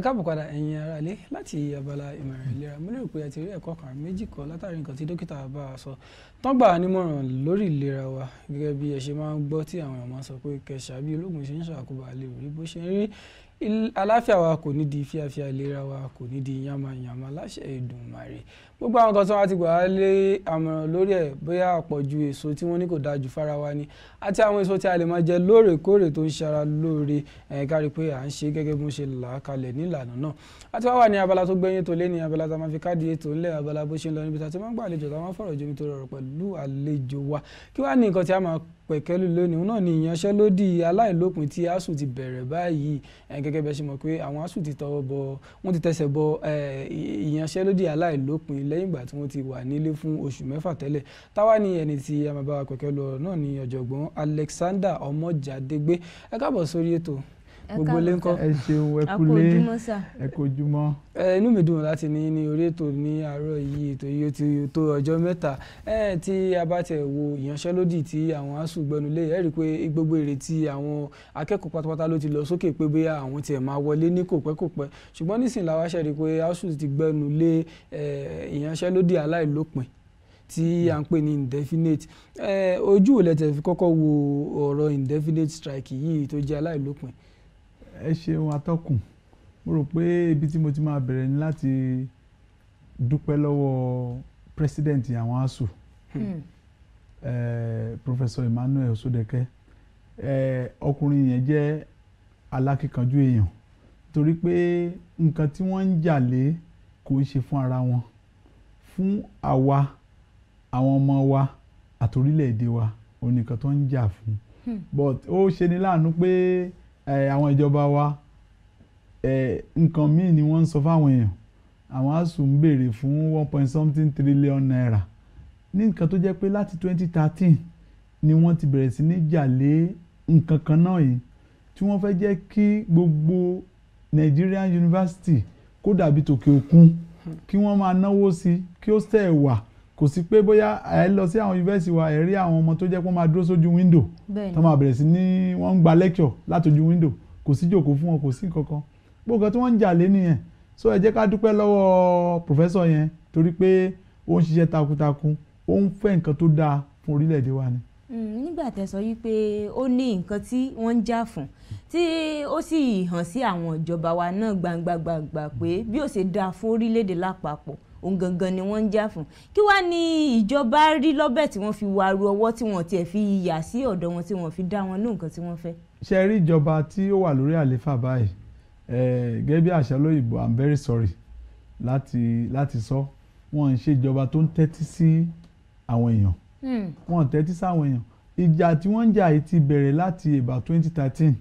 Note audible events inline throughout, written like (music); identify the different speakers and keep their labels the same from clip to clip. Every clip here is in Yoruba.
Speaker 1: ẹ káàbọ̀ padà ẹ̀yin ará ilé láti abala ìmọ̀ràn ìlera mo lérò pé ẹ ti rí ẹ̀kọ́ kan méjì kọ́ látàrí nǹkan tí dókítà bá a sọ tán gbà á nímọ̀ràn lórí ìlera wa gẹ́gẹ́ bí ẹ ṣe máa ń gbọ́ tí àwọn èèyàn máa sọ pé kẹsà bí ológun ṣe ń ṣàkóbá lè rí bó ṣe ń rí aláfíà wa kò ní di fíafíà ìlera wa kò ní di yamayama láṣẹ Èdùmàrè gbogbo àwọn kan tí wọn ti gbà á lé àmọ̀ràn lórí ẹ̀ bóyá àpọ̀jù èso tí wọ́n ní kò dáa fara wa ni àti àwọn èso tí a lè máa jẹ lóòrèkóòrè tó ń ṣara lóore ẹ̀ kárí pé à ń ṣe gẹ́gẹ́ bí wọ́n ṣe là á kalẹ̀ nílànà náà àti wá wà ní abala tó gbẹ́yìn tó lé ní abala tá a máa fi káàdì ètò ńlẹ̀ abala bó ṣe ń lọ níbi tá a ti máa ń gbà tá a máa fọ̀rọ̀ pẹ̀kẹ́lú lónìí náà ni ìyanṣẹ́lódì aláìlópin tí asuu ti bẹ̀rẹ̀ báyìí gẹ́gẹ́ bẹ́ẹ̀ ṣe mọ̀ pé àwọn asuu ti tọwọ́ bọ wọ́n ti tẹsẹ̀ bọ ìyanṣẹ́lódì aláìlópin lẹ́yìn ìgbà tí wọ́n ti wà nílé fún oṣù mẹ́fà tẹ́lẹ̀ táwa ni ẹni tí a pẹ̀kẹ́lú ọ̀rọ̀ náà ni ọ̀jọ̀gbọ́n Alexander Ọmọjàdégbé ẹ káàbọ̀ sórí ètò gbogbo ilé ńkọ́. ẹ ṣeun ẹ kúlé ẹ kojúmọ́. inú mi dùn láti ní ní orí ètò ní àárọ̀ yìí ètò yìí ó ti tó ọjọ́ mẹ́ta tí a bá tẹ̀ wo ìyanṣẹ́lódì tí àwọn asuu gbẹnulé ẹ rí i pé gbogbo ìrètí àwọn akẹ́kọ̀ọ́ pátápátá ló ti lọ sókè pé bóyá àwọn tiẹ̀ máa wọlé ní kòpẹ́kòpẹ́ ṣùgbọ́n nísìnyí làwọn aṣẹ́ rí i pé asuu ti gbẹnulé ìyanṣẹ́lódì aláìlópin tí a ń pè ní indefinite ojú ò lẹ́tẹ̀ fi kọ́kọ́ wo ọ̀rọ̀ indefinite strike yìí tó jẹ́ aláìlópin
Speaker 2: ẹ ṣeun atọ́kùn mo rò pé ibi tí mo ti máa bẹ̀rẹ̀ ni láti dúpẹ́ lọ́wọ́ president àwọn asuu hmm. professor Emmanuel Osodeke ọkùnrin yẹn jẹ́ alákìkanjú èèyàn torí pé nǹkan tí wọ́n ń jà lé kò ń ṣe fún ara wọn fún àwa àwọn ọmọ wa àtòrílẹ̀-èdè wa òun nìkan tó ń jà fún hmm. but ó ṣe ní láàánú pé àwọn ìjọba wa nǹkan míì ni wọ́n ń sọ fáwọn èèyàn àwọn asuu ń béèrè fún one point something trillion naira ní nǹkan tó jẹ́ pé láti twenty thirteen ni wọ́n ti bẹ̀rẹ̀ sí ní jà lé nǹkan kan náà yìí tí wọ́n fẹ́ jẹ́ kí gbogbo Nigerian University kó dàbí tòkè òkun kí wọ́n máa náwó sí kí ó sẹ̀ wà kò sí pé bóyá ẹ lọ sí àwọn yunifásitì wa ẹ rí àwọn ọmọ tó jẹ́ pé wọ́n máa dúró sójú wíńdò tó máa bẹ̀rẹ̀ sí ní wọ́n ń gba lecture látòjú wíńdò kò sí jòkó fún wọn kò sí nǹkan kan gbogbo tí wọ́n ń jà lé nìyẹn so ẹ jẹ́ ká dúpẹ́ lọ́wọ́ professor yẹn torí pé ó ń ṣiṣẹ́ takuntakun ó ń fẹ́ nǹkan tó dáa fún orílẹ̀-èdè wa ni
Speaker 3: hmm, nígbà tẹ sọ yìí pé ó ní nǹkan tí wọ́n ń jà fún tí ó sì hàn sí àwọn ìjọba wa náà gbangbangba pé bí ó ṣe dáa fún orílẹ̀-èdè lápapọ̀ òun gangan ni wọ́n ń jà fún kí wàá ní ìjọba rí lọ́bẹ̀ tí wọ́n fi wá ru ọwọ́ tí wọ́n tiẹ̀ fi yà sí ọ̀dọ̀ wọn tí wọ́n fi dá wọn lóhùn nǹkan tí wọ́n fẹ́.
Speaker 2: ṣe rí ìjọba tí ó wà lórí àlééfà báyìí gẹ́gẹ́ bí àṣà lóyìnbó i'm very sorry láti láti sọ wọn ń ṣe ìjọba tó ń tẹ́tí sí àwọn èèyàn hmm. wọn ń tẹ́tí sí àwọn èèyàn ìjà tí wọ́n ń jà yìí ti bẹ̀rẹ̀ láti about twenty thirteen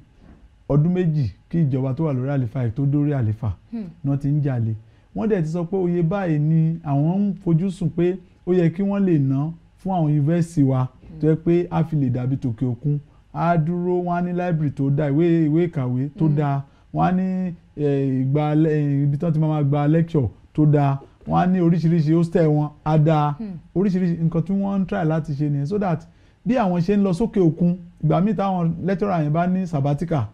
Speaker 2: ọdún méjì kí ìjọba tó wà lórí àlééfà yìí tó dórí àlééfà hmm. náà ti ń jà lé wọ́n dẹ̀ ti sọ pé oye báyìí ni àwọn ń fojú sùn pé ó yẹ kí wọ́n lè ná fún àwọn yunifásitì wa tó yẹ pé a fi lè dàbí tòkè òkun a dúró wọn á ní library tó dáa ìwé ìwé ìkàwé tó mm. dáa wọn á ní ìgbà ibi tí wọ́n ti máa gba lecture tó dáa wọn á ní oríṣiríṣi hostel wọn á dáa hmm. oríṣiríṣi nǹkan tí wọ́n ń try láti ṣe nìyẹn so that bí àwọn ṣe ń lọ sókè òkun ìgbà míì táwọn lecturer yẹn ní sabatica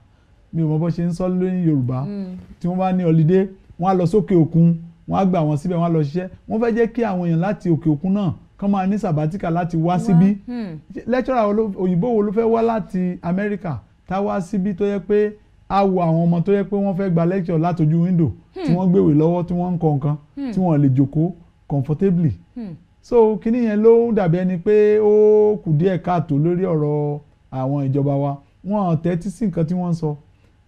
Speaker 2: mi ò mọ bó ṣe ń sọ lóyún Yorùbá hmm. tí wọ́n bá ní holiday wọ́n á lọ sókè òkun wọ́n á gbà wọ́n síbẹ̀ wọ́n á lọ ṣiṣẹ́ wọ́n fẹ́ jẹ́ kí àwọn èèyàn láti òkè òkun náà kán máa ní sabatika láti wá síbí hmm. lẹ́tọ́rà òyìnbó wo ló fẹ́ wá láti Amẹ́ríkà tá wá síbí tó yẹ pé a wo àwọn ọmọ tó yẹ pé wọ́n fẹ́ gba lẹ́kṣọ̀ látòjú wíńdò tí hmm. wọ́n gbèwè lọ́wọ́ tí wọ́n ń kọ nǹkan hmm. tí wọ́n lè jókòó comfortably so kinní yẹn ló dàbí ẹni pé ó kù díẹ̀ káàtó lórí ọ̀rọ̀ àwọn ìjọba wa wọn ò tẹ́tí sí nǹkan tí wọ́n ń sọ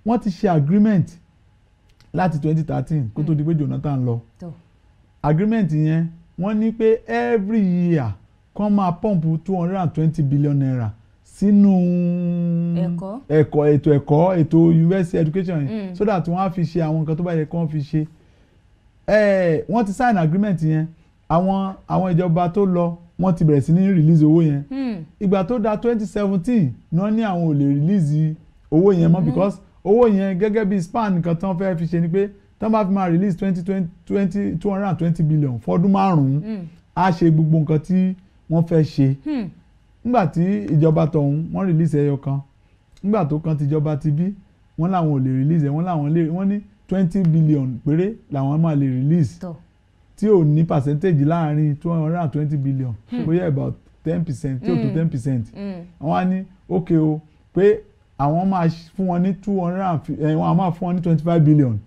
Speaker 2: wọ́n ti ṣe agreement láti twenty thirteen kó tó di pé hmm. Jonathan lọ agreement yẹn wọ́n ní pé every year kán máa pump two hundred and twenty billion naira sínú ẹ̀kọ́ ètò ẹ̀kọ́ ètò hmm. university education yìí hmm. so that wọ́n á fi ṣe àwọn nǹkan tó bá yẹ kán fi ṣe wọ́n ti sign agreement yẹn àwọn àwọn ìjọba tó lọ wọ́n ti bẹ̀rẹ̀ sí ní release owó yẹn ìgbà tó da twenty seventeen náà ní àwọn ò lè release owó yẹn mọ́ because owó yẹn gẹ́gẹ́ bí span kan tán fẹ́ fi ṣe ni pé tán bá fi máa release twenty twenty twenty two hundred and twenty billion fọdún márùn-ún hmm. á ṣe gbogbo nǹkan tí wọ́n fẹ́ ṣe hmm. nígbà tí ìjọba tọ̀hún wọ́n release ẹyọ kan nígbà tó kan tìjọba ti bí wọ́n làwọn ò lè release ẹ̀ wọ́n làwọn lè wọ́n ní twenty billion péré làwọn máa lè release tí ò ní percentage láàrin two hundred and twenty billion hmm. bóyá about ten percent tí ò tó ten percent wọ́n á ní okay o pé àwọn máa fún wọn ní two hundred and fifty ẹ̀ eh, wọ́n máa fún wọn ní twenty five billion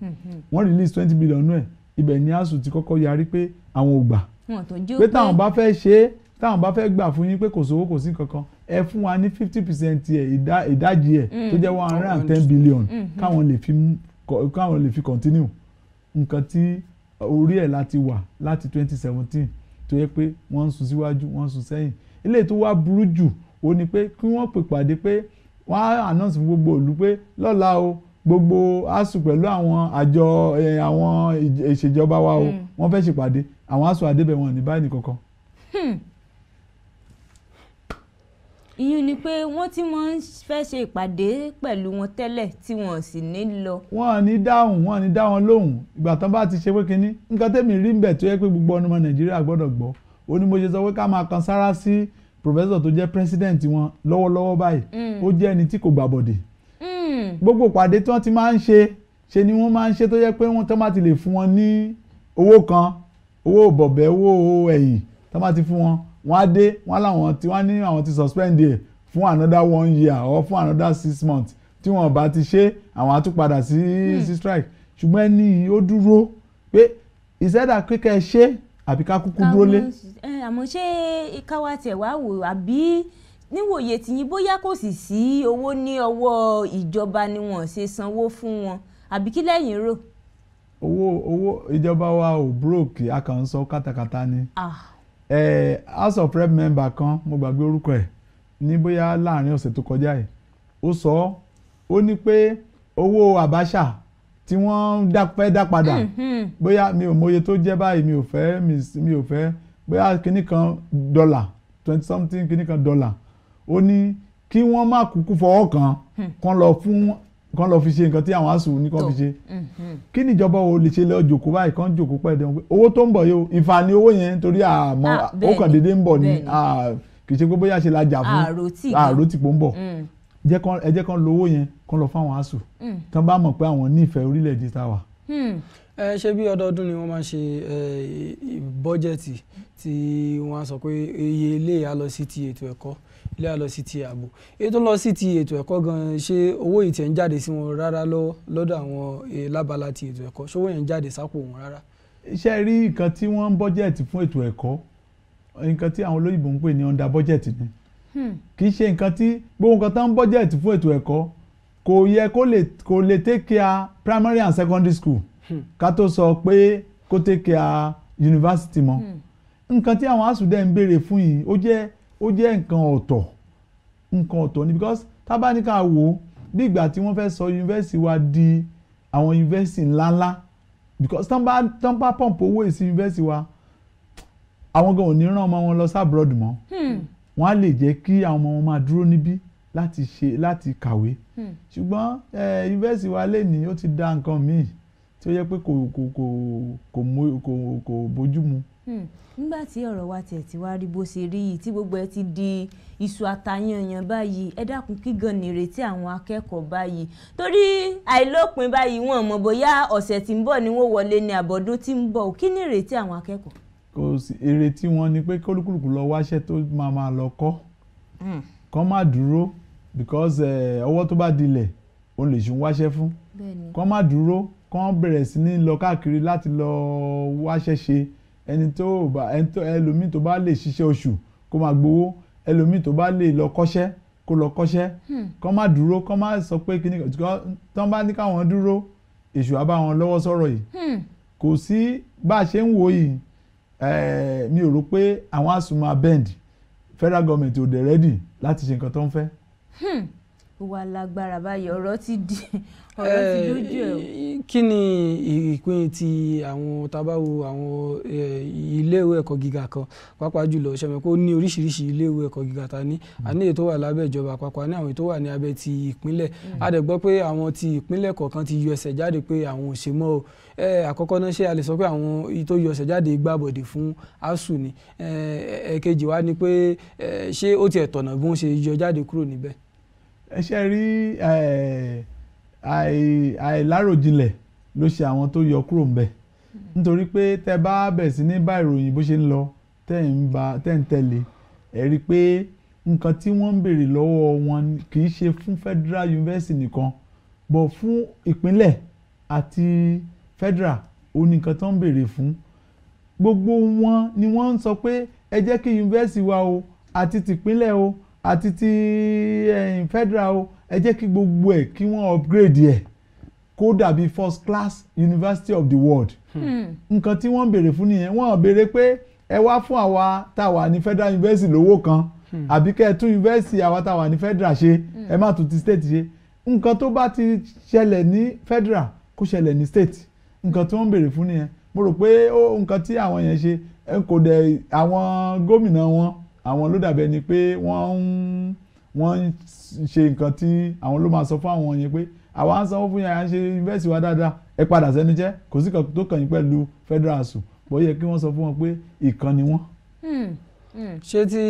Speaker 2: wọ́n release twenty billion náà ibẹ̀ ni asu ti kọ́kọ́ yarí pé àwọn ò gbà pé táwọn bá fẹ́ ṣe é táwọn bá fẹ́ gbà fún yín pé kò sówó kò sí kankan ẹ fún wa ní fifty percent ẹ̀ ìdajì ẹ̀ tó jẹ́ one hundred and ten billion mm-hmm. Mm-hmm. káwọn lè fi káwọn lè fi continue nǹkan tí orí ẹ̀ láti wà láti twenty seventeen tó yẹ pé wọ́n ń sún síwájú wọ́n ń sún sẹ́yìn ilé tó wá burú jù ó ní pé kí wọ́n pè pàdé pé wọ́n á announce fún gbogbo ìlú pé lọ́la o gbogbo asuu pẹ̀lú àwọn àjọ àwọn ìṣèjọba wa o hmm. wọ́n fẹ́ ṣèpàdé àwọn asuu adébẹ̀ wọn ní báyìí nìkankan.
Speaker 3: Hmm. ìyún ni pé wọ́n ti máa ń fẹ́ ṣe ìpàdé pẹ̀lú wọn tẹ́lẹ̀ tí wọ́n sì ní lọ.
Speaker 2: wọ́n ní dáhùn wọ́n ní dá wọn lóhùn ìgbà tán bá ti ṣe pé kínní nǹkan tẹ́mi rí ń bẹ̀ tó yẹ pé gbogbo ọmọ nàìjíríà gbọ́dọ̀ gbọ́ ó ní mo ṣe sọ pé ká máa kan sára sí professor tó jẹ́ president wọn lọ́wọ́lọ́wọ́ báyìí ó mm. jẹ́ ẹni tí kò gbàbọ̀dè mm. gbogbo pàdé tí wọ́n ti máa ń ṣe ṣe ni wọ́n máa ń ṣe tó yẹ pé wọ́n tó máa ti lè fún wọn ní owó kan owó bọ̀bẹ̀ owó ẹ̀yìn tó máa ti fún wọn wọ́n á dé wọ́n láwọn tí wọ́n ní àwọn ti suspend ẹ̀ fún another one year or fún another six months tí wọ́n bá ti ṣe àwọn á tún padà sí mm. sí strike ṣùgbọ́n ẹni ó dúró pé ìṣẹ́dà kíkẹ́ ṣe àbí ká kúkú dúró lé.
Speaker 3: àmọ́ ṣé káwa tẹ̀ wá wò àbí níwòye tìyín bóyá kò sì sí owó ní ọwọ́ ìjọba ni wọ́n ṣe sanwó fún wọn àbí kí lẹ́yìn rò.
Speaker 2: owó owó ìjọba wa ò broke a kàn ń sọ kátàkátà ni. Ah. Eh, House of Rep member kan mo gbàgbé orúkọ ẹ̀ ní bóyá láàrin ọ̀sẹ̀ tó kọjá yìí ó sọ ó ní pé owó Abacha tí wọ́n fẹ́ dá padà hmm, hmm. bóyá mi ò mọye tó jẹ́ báyìí mi ò fẹ́ mi ò fẹ́ bóyá kinní kan dọ́là twenty something kinní kan dọ́là ó ní kí wọ́n má kúkú fọwọ́ kan hmm. kan lọ fún kan lọ fi ṣe nǹkan tí àwọn asùn ní kan fi ṣe kí níjọba ò lè ṣe lọ jòkó báyìí kan jòkó pẹ̀lú ẹ̀dẹ̀ owó tó ń bọ̀ yìí o ìfàní owó yẹn torí àmọ́ ah, ó kàn déédéé ń bọ̀ ní ah, kì í ṣe pé bóyá ṣe la jà fún ah, àròtìpó ń bọ̀ ẹ jẹ́ kán lówó yẹn kán lọ fáwọn asuu hmm. tán bá mọ̀ pé àwọn nífẹ̀ẹ́ orílẹ̀-èdè tá a wà.
Speaker 1: Hmm. ẹ ṣe bí ọdọọdún ni wọ́n máa ń ṣe bọ́jẹ̀tì tí wọ́n á sọ pé iye ilé á lọ sí ti ètò ẹ̀kọ́ ilé á lọ sí ti ààbò èyí tó lọ sí ti ètò ẹ̀kọ́ gan-an ṣé owó yìí tiẹ̀ ń jáde sí wọn rárá lọ́dọ̀ àwọn lábala
Speaker 2: ti ètò ẹ̀kọ́ ṣówó yẹn ń jáde sápò wọn rárá. iṣẹ́ rí nǹkan tí wọ́n ń bọ́jẹ̀tì fún ètò ẹ̀kọ́ nǹkan tí àwọn olóyìnbó ń pè ní under budget ni. Mm Hmm. kì í ṣe nǹkan tí gbogbo nǹkan tó ń bọ́jẹ̀tì fún ètò ẹ̀kọ́ kò yẹ kó lè kó lè take care primary and secondary school hmm. ká tó sọ pé kó take care university mọ́ hmm. nǹkan tí àwọn asùn ń béèrè fún yìí ó jẹ́ ó jẹ́ nǹkan ọ̀tọ̀ nǹkan ọ̀tọ̀ ni because tábánikà wò ó bí ìgbà tí wọ́n fẹ́ sọ university wa di àwọn yunifásitì ńláńlá because tán bá tán bá pọ̀mpù owó èsì yunifásitì wa àwọn gan ò ní ràn ọmọ wọn lọ sábúrọ̀dù mọ́ wọ́n á lè jẹ́ kí àwọn ọmọ wọn máa dúró níbí láti ṣe láti kàwé hmm. ṣùgbọ́n yunifásitì wa lè ní ó ti dá nǹkan míì tí ó yẹ pé kò kò kò kò kò kò bójú mu.
Speaker 3: Hmm. nígbà tí ọ̀rọ̀ wa tiẹ̀ ti wá rí bó ṣe rí yìí tí gbogbo ẹ ti di iṣu àtàyànyàn báyìí ẹ dákun kí gan ni ìrètí àwọn akẹ́kọ̀ọ́ báyìí torí àìlópin báyìí wọn mọ̀ bóyá ọ̀sẹ̀ tí ń bọ̀ ni wọ́n wọlé ní àbọ̀dún tí ń bọ̀ kí ni ìrètí àwọn akẹ́kọ̀ọ́
Speaker 2: kò sí èrè tí wọ́n ní pé kólúkúlùkù lọ wáṣẹ́ tó máa máa lọ kọ́ hmm. kọ́ má dúró because eh, ọwọ́ tó bá dilẹ̀ òun lè ṣùn wáṣẹ́ fún kọ́ má dúró kọ́ bẹ̀rẹ̀ sí ní lọ káàkiri láti lọ wáṣẹ́ ṣe ẹni tó bá ẹni tó ẹlòmíì tó bá lè ṣiṣẹ́ oṣù kó máa gbowó ẹlòmíì tó bá lè lọ kọ́ṣẹ́ kó lọ kọ́ṣẹ́ hmm. kọ́ má dúró kọ́ má sọ pé kíní tán bá ní káwọn dúró èṣù á lọ́wọ́ sọ̀rọ̀ yìí hmm. kò sí bá a ṣe ń wò yìí Eh, mi ò rò pé àwọn àsùnmọ̀ abend federal government ò dẹ̀ ready láti ṣe nǹkan tó ń fẹ́.
Speaker 3: Hmm ó wá lágbára báyìí ọ̀rọ̀ ti di (laughs) ọ̀rọ̀ ti lójú eh, ẹ̀ o. kí
Speaker 1: ni ìpín ti àwọn tabawo àwọn eh, iléèwé ẹ̀kọ́ gíga kan pàápàá jùlọ ṣẹ̀mẹ̀ pé ó ní oríṣiríṣi iléèwé ẹ̀kọ́ gíga ta ní àní èyí tó wà lábẹ́ ìjọba àpapọ̀ àní àwọn èyí tó wà ní abẹ́ ti ìpínlẹ̀ a dẹ̀ gbọ́ pé àwọn ti ìpínlẹ̀ kọ̀ọ̀kan ti yọ ẹsẹ̀ jáde pé àwọn ò ṣe mọ́ o eh, àkọ́kọ́ náà ṣé a lè sọ pé àwọn tó yọ ẹsẹ̀ jáde gbàbọ̀dè fún asuu ni ẹ̀ẹ̀kejì
Speaker 2: ṣe rí àìláròjinlẹ̀ ló ṣe àwọn tó yọ kúrò ń bẹ̀ nítorí pé tẹ bá bẹ̀ sí ní bá ìròyìn bó ṣe ń lọ tẹ̀ ń ba tẹ̀ ń tẹ̀lé ẹ̀ rí i pé nǹkan tí wọ́n ń béèrè lọ́wọ́ wọn kì í ṣe fún federal university nìkan bọ̀ fún ìpínlẹ̀ àti federal òun nìkan tó ń béèrè fún gbogbo wọn ni wọ́n ń sọ pé ẹ jẹ́ kí yunifásitì wa o àti tìpínlẹ̀ o àti ti eh, federal o ẹ jẹ́ kí gbogbo ẹ̀ kí wọ́n upgrade ẹ̀ kó dàbí first class university of the world hmm. nǹkan tí wọ́n ń béèrè fún nìyẹn wọ́n béèrè pé ẹ wá fún àwa tá a wà ní federal university lówó kan hmm. àbí kẹ́ ẹ tún university àwa tá a wà ní federal ṣe ẹ hmm. má tún ti state ṣe nǹkan tó bá ti ṣẹlẹ̀ ní federal kó ṣẹlẹ̀ ní state nǹkan tí wọ́n ń béèrè fún nìyẹn mo rò pé ó nǹkan tí àwọn yẹn ṣe kò dẹ̀ àwọn gómìnà wọn àwọn ló dàbẹ̀ ni pé wọ́n ń wọ́n ń ṣe nǹkan tí àwọn ló máa sọ fún àwọn yẹn pé àwa ń sanwó fún yẹn ṣe invest wa dáadáa ẹ padà sẹ́nu jẹ́ kò sí kan tó kàn yín pẹ̀lú federal sùn bó yẹ kí wọ́n sọ fún wọn pé ìkan ni wọ́n.
Speaker 1: Hmm, hmm. ṣé tí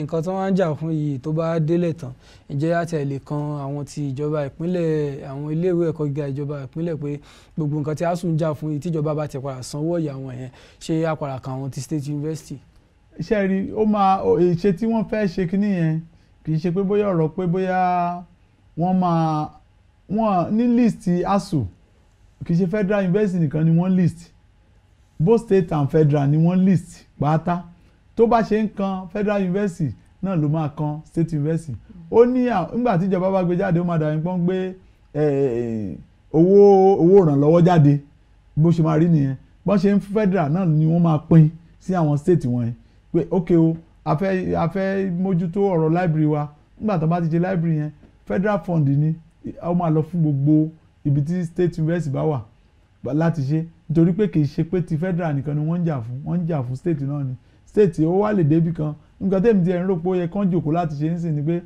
Speaker 1: nǹkan tí wọ́n ń jà fún yìí tó bá délẹ̀ tán ǹjẹ́ àtẹ̀lé kan àwọn ti ìjọba ìpínlẹ̀ àwọn iléèwé ẹ̀kọ́ gíga ìjọba ìpínlẹ̀ pé gbogbo nǹkan tí ASUU ń jà fún yìí tíjọba bá ti padà sanwó ọ̀yà wọn yẹn ṣé apàràkàn àwọn ti state university
Speaker 2: ṣe rí ó máa ìṣe tí wọ́n fẹ́ ṣe kínní yẹn kì í ṣe pé bóyá ọ̀rọ̀ pé bóyá wọ́n máa wọ́n ní list ASUU kì í ṣe federal university nìkan ni wọ́n list both state and federal ni wọ́n list pátá tó bá ṣe ń kan federal university náà ló máa kan state university ó ní nígbà tí ìjọba bá gbé jáde ó máa dàbí pọ́n gbé owó owó ìrànlọ́wọ́ jáde bó ṣe máa rí nìyẹn bọ́n ṣe ń federal náà ni wọ́n máa pín sí àwọn state wọ̀nyẹn pé ok o a fẹ́ a fẹ́ mójútó ọ̀rọ̀ library wa nígbà tó bá ti ṣe library yẹn federal fund ni ó máa lọ fún gbogbo ibi tí state university bá wà láti ṣe nítorí pé kì í ṣe pé ti federal nìkan ni wọ́n ń jà fún wọ́n ń jà fún state náà ni state ó wá lè débi kan nǹkan tẹ́mi ti ẹ̀ ń rò pé ó yẹ kán jòkó láti ṣe ń sìn ni pé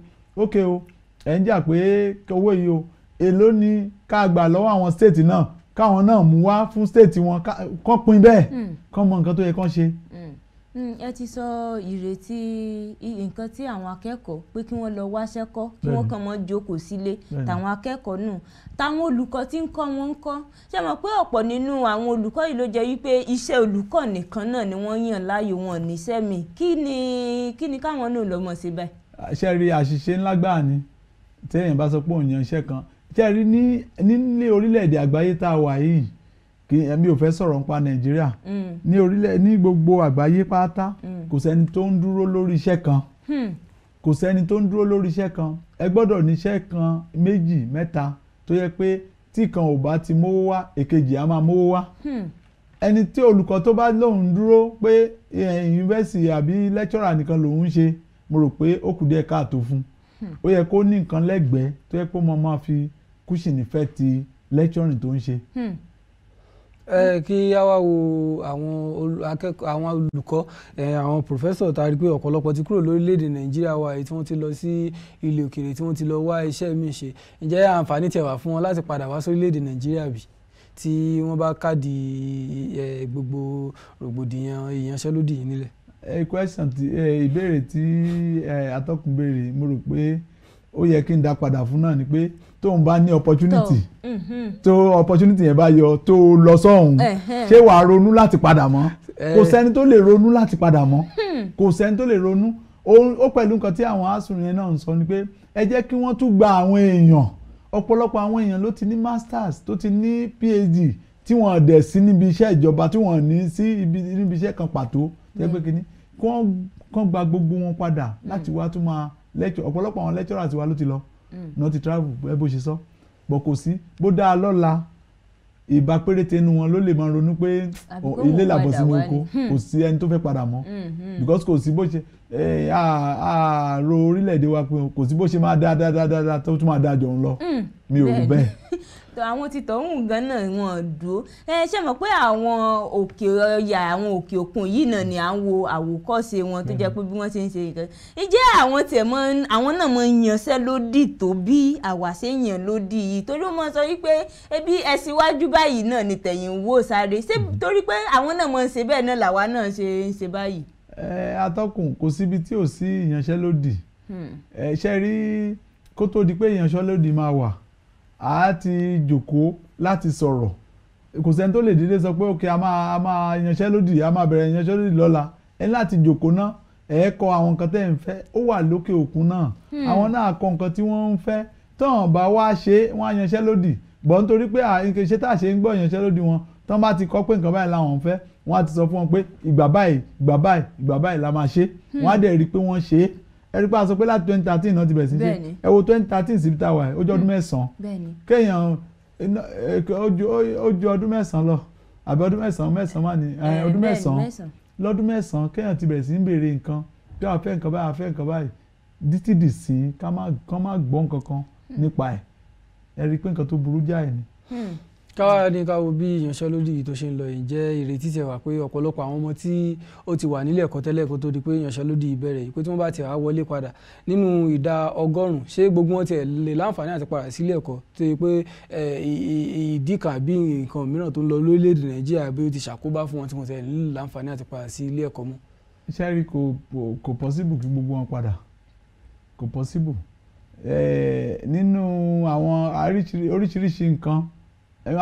Speaker 2: ok o ẹ̀ ń jà pé owó yìí o èló ni ká gbà lọ́wọ́ àwọn state náà káwọn náà mú wá fún state wọn kán pín bẹ́ẹ̀ hmm. kán mọ nǹkan tó yẹ kán ṣe
Speaker 3: hmm. Hmm, ẹ ti sọ ìrètí nǹkan tí àwọn akẹ́kọ̀ọ́ pé kí wọ́n lọ wáṣẹ́ kọ́ kí wọ́n kàn mọ́ jókòó sílé tàwọn akẹ́kọ̀ọ́ nù táwọn olùkọ́ tí ń kọ́ wọn ń kọ́ ṣé mọ̀ pé ọ̀pọ̀ nínú àwọn olùkọ́ yìí ló jẹ́ wípé iṣẹ́ olùkọ́ nìkan náà ni wọ́n yàn láàyò wọn níṣẹ́ mi kí ni ni káwọn náà lọ́mọ sí bẹ́ẹ̀.
Speaker 2: ṣé rí àṣìṣe ńlá gbáà ni téèyàn bá sọ pé òun yan iṣẹ́ kan ṣé rí ní kí ẹbí ò fẹ́ sọ̀rọ̀ nípa nàìjíríà hmm. ní orílẹ̀ ní gbogbo àgbáyé pátá hmm. kò sẹ́ni tó ń dúró lórí iṣẹ́ kan hmm. kò sẹ́ni tó ń dúró lórí iṣẹ́ kan ẹ gbọ́dọ̀ níṣẹ́ kan méjì mẹ́ta tó yẹ pé tí kan ò bá ti mówó wá èkejì á máa mówó wá ẹni tí olùkọ́ tó bá lóun dúró pé yunifásitì àbí lẹ́kṣọ́rà nìkan lòun ń ṣe mo rò pé ó kù díẹ̀ káàtó fún ó yẹ kó ní nǹkan lẹ́gbẹ̀ẹ́ tó yẹ kó mọ máa fi kúṣìnì fẹ́ ti lẹ́kṣọ́rìn tó ń ṣe
Speaker 1: kí a wá wo àwọn akẹ́kọ̀ọ́ àwọn olùkọ́ àwọn pòfẹ́sọ̀ tá a rí pé ọ̀pọ̀lọpọ̀ ti kúrò lórílẹ̀‐èdè nàìjíríà wa èyí tí wọ́n ti lọ sí ilé òkèèrè tí wọ́n ti lọ wá iṣẹ́ mi ṣe ǹjẹ́ àǹfààní tiẹ̀ wà fún wọn láti padà wá sórílẹ̀‐èdè nàìjíríà bí tí wọ́n bá káàdì gbogbo rògbòdìyàn ìyanṣẹ́lódì yìí nílẹ̀. ẹ
Speaker 2: question ti ìbéèrè tí atọ́kùn béèrè mo rò pé ó yẹ kí n dá padà fún náà ni pé tóun bá ní opportunity mhm. tó opportunity yẹn bá yọ tó lọ sọ́hùn ṣé wàá ronú láti padà mọ́ eh. kò sẹ́ni tó lè ronú láti padà mọ́ hmm. kò sẹ́ni tó lè ronú ó pẹ̀lú nǹkan tí àwọn asùnrin náà ń sọ ni pé ẹ jẹ́ kí wọ́n tún gba àwọn èèyàn ọ̀pọ̀lọpọ̀ àwọn èèyàn ló ti ní masters tó ti ní phd tí wọ́n dẹ̀ sí níbi iṣẹ́ ìjọba tí wọ́n ní sí níbi iṣẹ́ kan pàtó jẹ́ pé hmm. kínní kí wọ́n gba gbogbo wọn padà láti hmm. wá tún máa lecture ọ̀pọ̀lọpọ̀ àwọn lecturers Mm. náà ti travel ẹ bó ṣe sọ bọ̀ kò sí bó dáa lọ́la ìbá péréte inú wọn ló lè máa ronú pé oh, ilé làbọ̀ sínú oko kò sí ẹni tó fẹ́ padà mọ́ hmm, hmm. because kò sí bó ṣe ààrò orílẹ̀-èdè wa pé kò sí bó ṣe máa dáa dáa dáa tó tún máa dáa jọ ń lọ hmm.
Speaker 3: mi ò rò bẹ́ẹ̀. (laughs) àwọn ti tọ̀hún gan náà wọn dúró ẹ ṣe mọ̀ pé àwọn òkè ọya àwọn òkè òkun yìí náà ni à ń wo àwòkọ́ṣe wọn tó jẹ́ pé bí wọ́n ṣe ń ṣe nǹkan ǹjẹ́ àwọn tiẹ̀ mọ àwọn náà mọ yanṣẹ́ lódì tó bí àwàṣe yàn lódì yìí torí ó mọ sọ wípé ebi ẹ̀sìn iwájú báyìí náà ni tẹ̀yìn ń wò sáré ṣé torí pé àwọn náà mọ ṣe bẹ́ẹ̀ náà làwa náà ṣe ń ṣe báyìí. ẹ
Speaker 2: atọ́kùn kò síbi tí ò sí ìyanṣẹ́lódì hmm. ẹ ṣe rí kó tó di pé ìyanṣẹ́lódì máa wà a ti jòkó láti sọ̀rọ̀ kò sẹ́ni tó lè dédé sọ pé òkè a máa a máa yanṣẹ́lódì a máa bẹ̀rẹ̀ yanṣẹ́lódì lọ́la ẹ láti jòkó náà ẹ kọ àwọn nǹkan tẹ́ ẹ̀ ń fẹ́ ó wà lókè òkun náà hmm. àwọn náà kọ nǹkan tí wọ́n ń fẹ́ tọ́n bá wá ṣe wọ́n á yanṣẹ́lódì bọ́ nítorí pé àìkèṣe tá a ṣe ń gbọ́ yanṣẹ́lódì wọn tọ́n bá ti kọ́ pé nǹkan báyìí làwọn ń fẹ́ wọ́n á ti sọ fún wọn pé ìgbà báyìí ìgbà báyìí ìgbà báyìí la máa ṣe hmm. wọ́n á dẹ̀ rí i pé wọ́n ṣe é ẹ̀rí pa sọ pé láti twenty thirteen náà ti bẹ̀rẹ̀ sí ṣe ẹ wo twenty thirteen síbi tá a wà ó jẹ́ ọdún mm. mẹ́sàn-án kéèyàn ó ju ọdún mẹ́sàn-án lọ àbí ọdún mẹ́sàn-án mẹ́sàn-án wà ní ọdún mẹ́sàn-án lọ́dún mẹ́sàn-án kéèyàn ti bẹ̀rẹ̀ sí ń béèrè nǹkan bí a fẹ́ nǹkan báyìí a fẹ́ nǹkan báyìí dítìdì sí ká má gbọ́ nǹkan hmm. nípa ẹ̀ ẹ pé nǹkan tó burú jáì ni. Hmm káwá ní ká wo bí
Speaker 1: ìyanṣẹ́lódì yìí tó ṣe ń lọ yìí jẹ́ ìrètí tiẹ̀ wà pé ọ̀pọ̀lọpọ̀ àwọn ọmọ tí ó ti wà nílé ẹ̀kọ́ tẹ́lẹ̀ kó tó di pé ìyanṣẹ́lódì yìí bẹ̀rẹ̀ pé tí wọ́n bá ti wá wọlé padà nínú ìdá ọgọ́rùn-ún ṣé gbogbo wọn tiẹ̀ lè láǹfààní àti padà sílé ẹ̀kọ́ tó yẹ pé ìdí kan àbí nǹkan mìíràn tó ń lọ lórílẹ̀‐èdè Nàìjíríà bí ó ti ṣàkóbá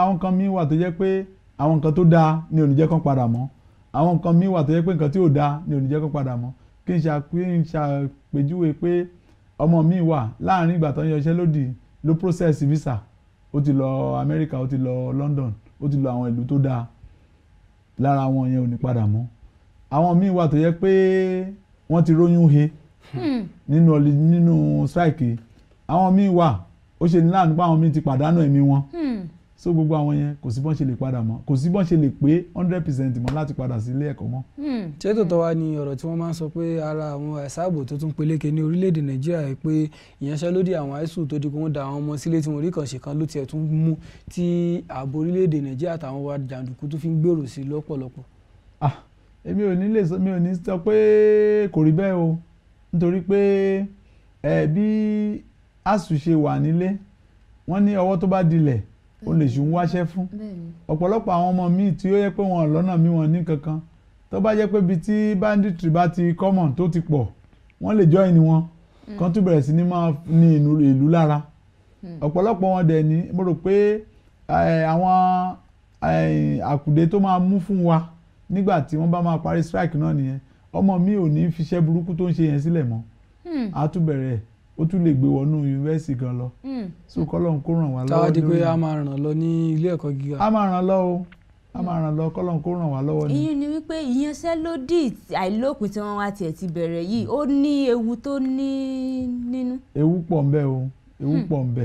Speaker 2: àwọn nǹkan míì wà tó jẹ́ pé àwọn nǹkan tó dáa ni ò ní jẹ́ kán padà mọ́ àwọn nǹkan míì wà tó jẹ́ pé nǹkan tí ò dáa ni ò ní jẹ́ kán padà mọ́ kí n ṣàpèjúwe pé ọmọ mi wà láàrin ìgbà tó ń yọṣẹ́ lódì ló process visa ó ti lọ Amẹ́ríkà ó ti lọ London ó ti lọ àwọn ìlú tó dáa lára wọn yẹn ò ní padà mọ́ àwọn míì wà tó yẹ pé wọ́n ti róyún he hmm. nínú nínú strike àwọn míì wà ó ṣe ní láàánú pé àwọn míì ti pàdánù ẹ̀mí wọn hmm so gbogbo àwọn yẹn kò sí bọ́n ṣe lè padà mọ́ kò sí bọ́n ṣe lè pé hundred percent mọ́ láti padà sí ilé ẹ̀kọ́ mọ́. Hmm. ṣé tòótọ́ wa ni ọ̀rọ̀ tí wọ́n
Speaker 1: máa ń sọ pé ara àwọn àìsàbò tó tún peléke ní orílẹ̀-èdè nàìjíríà yìí pé ìyanṣẹ́lódì àwọn àìsùn tó di kó wọ́n da àwọn ọmọ sílé tí wọ́n rí kan ṣe kan ló tiẹ̀ tún mú tí ààbò orílẹ̀-èdè nàìjíríà àtàwọn
Speaker 2: wa jàǹdùkú tó fi ń gbèrò sí lọ́pọ̀lọpọ̀. ah èmi ò ní mi ò ní sọ pé kò rí bẹ́ẹ̀ o nítorí pé ẹ bí àsùnṣe wà ó lè ṣùn wáṣẹ́ fún ọ̀pọ̀lọpọ̀ àwọn ọmọ míì tí ó yẹ pé wọn lọ́nà mi wọn ní kankan tó bá jẹ́ pé ibi tí banditry bá ti common tó ti pọ̀ wọ́n lè join wọn hmm. kan tún bẹ̀rẹ̀ sí ni máa ní ìlú lára hmm. ọ̀pọ̀lọpọ̀ wọn dẹ̀ ní mo rò pé àwọn àkùdé tó máa mú fún wa nígbà tí wọ́n bá máa parí strike náà nìyẹn ọmọ mi ò ní fiṣẹ́ burúkú tó ń ṣe yẹn sílẹ̀ mọ́ hmm. a tún bẹ̀rẹ̀ ẹ̀ ó tún lè gbé wọnú yunifásitì gan lọ. Hmm. so kọ́lọ́n kó ràn wá lọ́wọ́ lórí. táwa di pé a máa ràn lọ ní ilé ẹ̀kọ́ gíga. a máa ràn lọ o a máa hmm. ràn lọ kọ́lọ́n kó ràn wá lọ́wọ́ ni. ìyẹn
Speaker 3: ni wípé ìyanṣẹ́lódì àìlópin tí wọ́n wá tiẹ̀ ti bẹ̀rẹ̀ yìí ó ní ewu tó ní nínú.
Speaker 2: ewu pọ̀ ń bẹ o ewu hmm. pọ̀ ń bẹ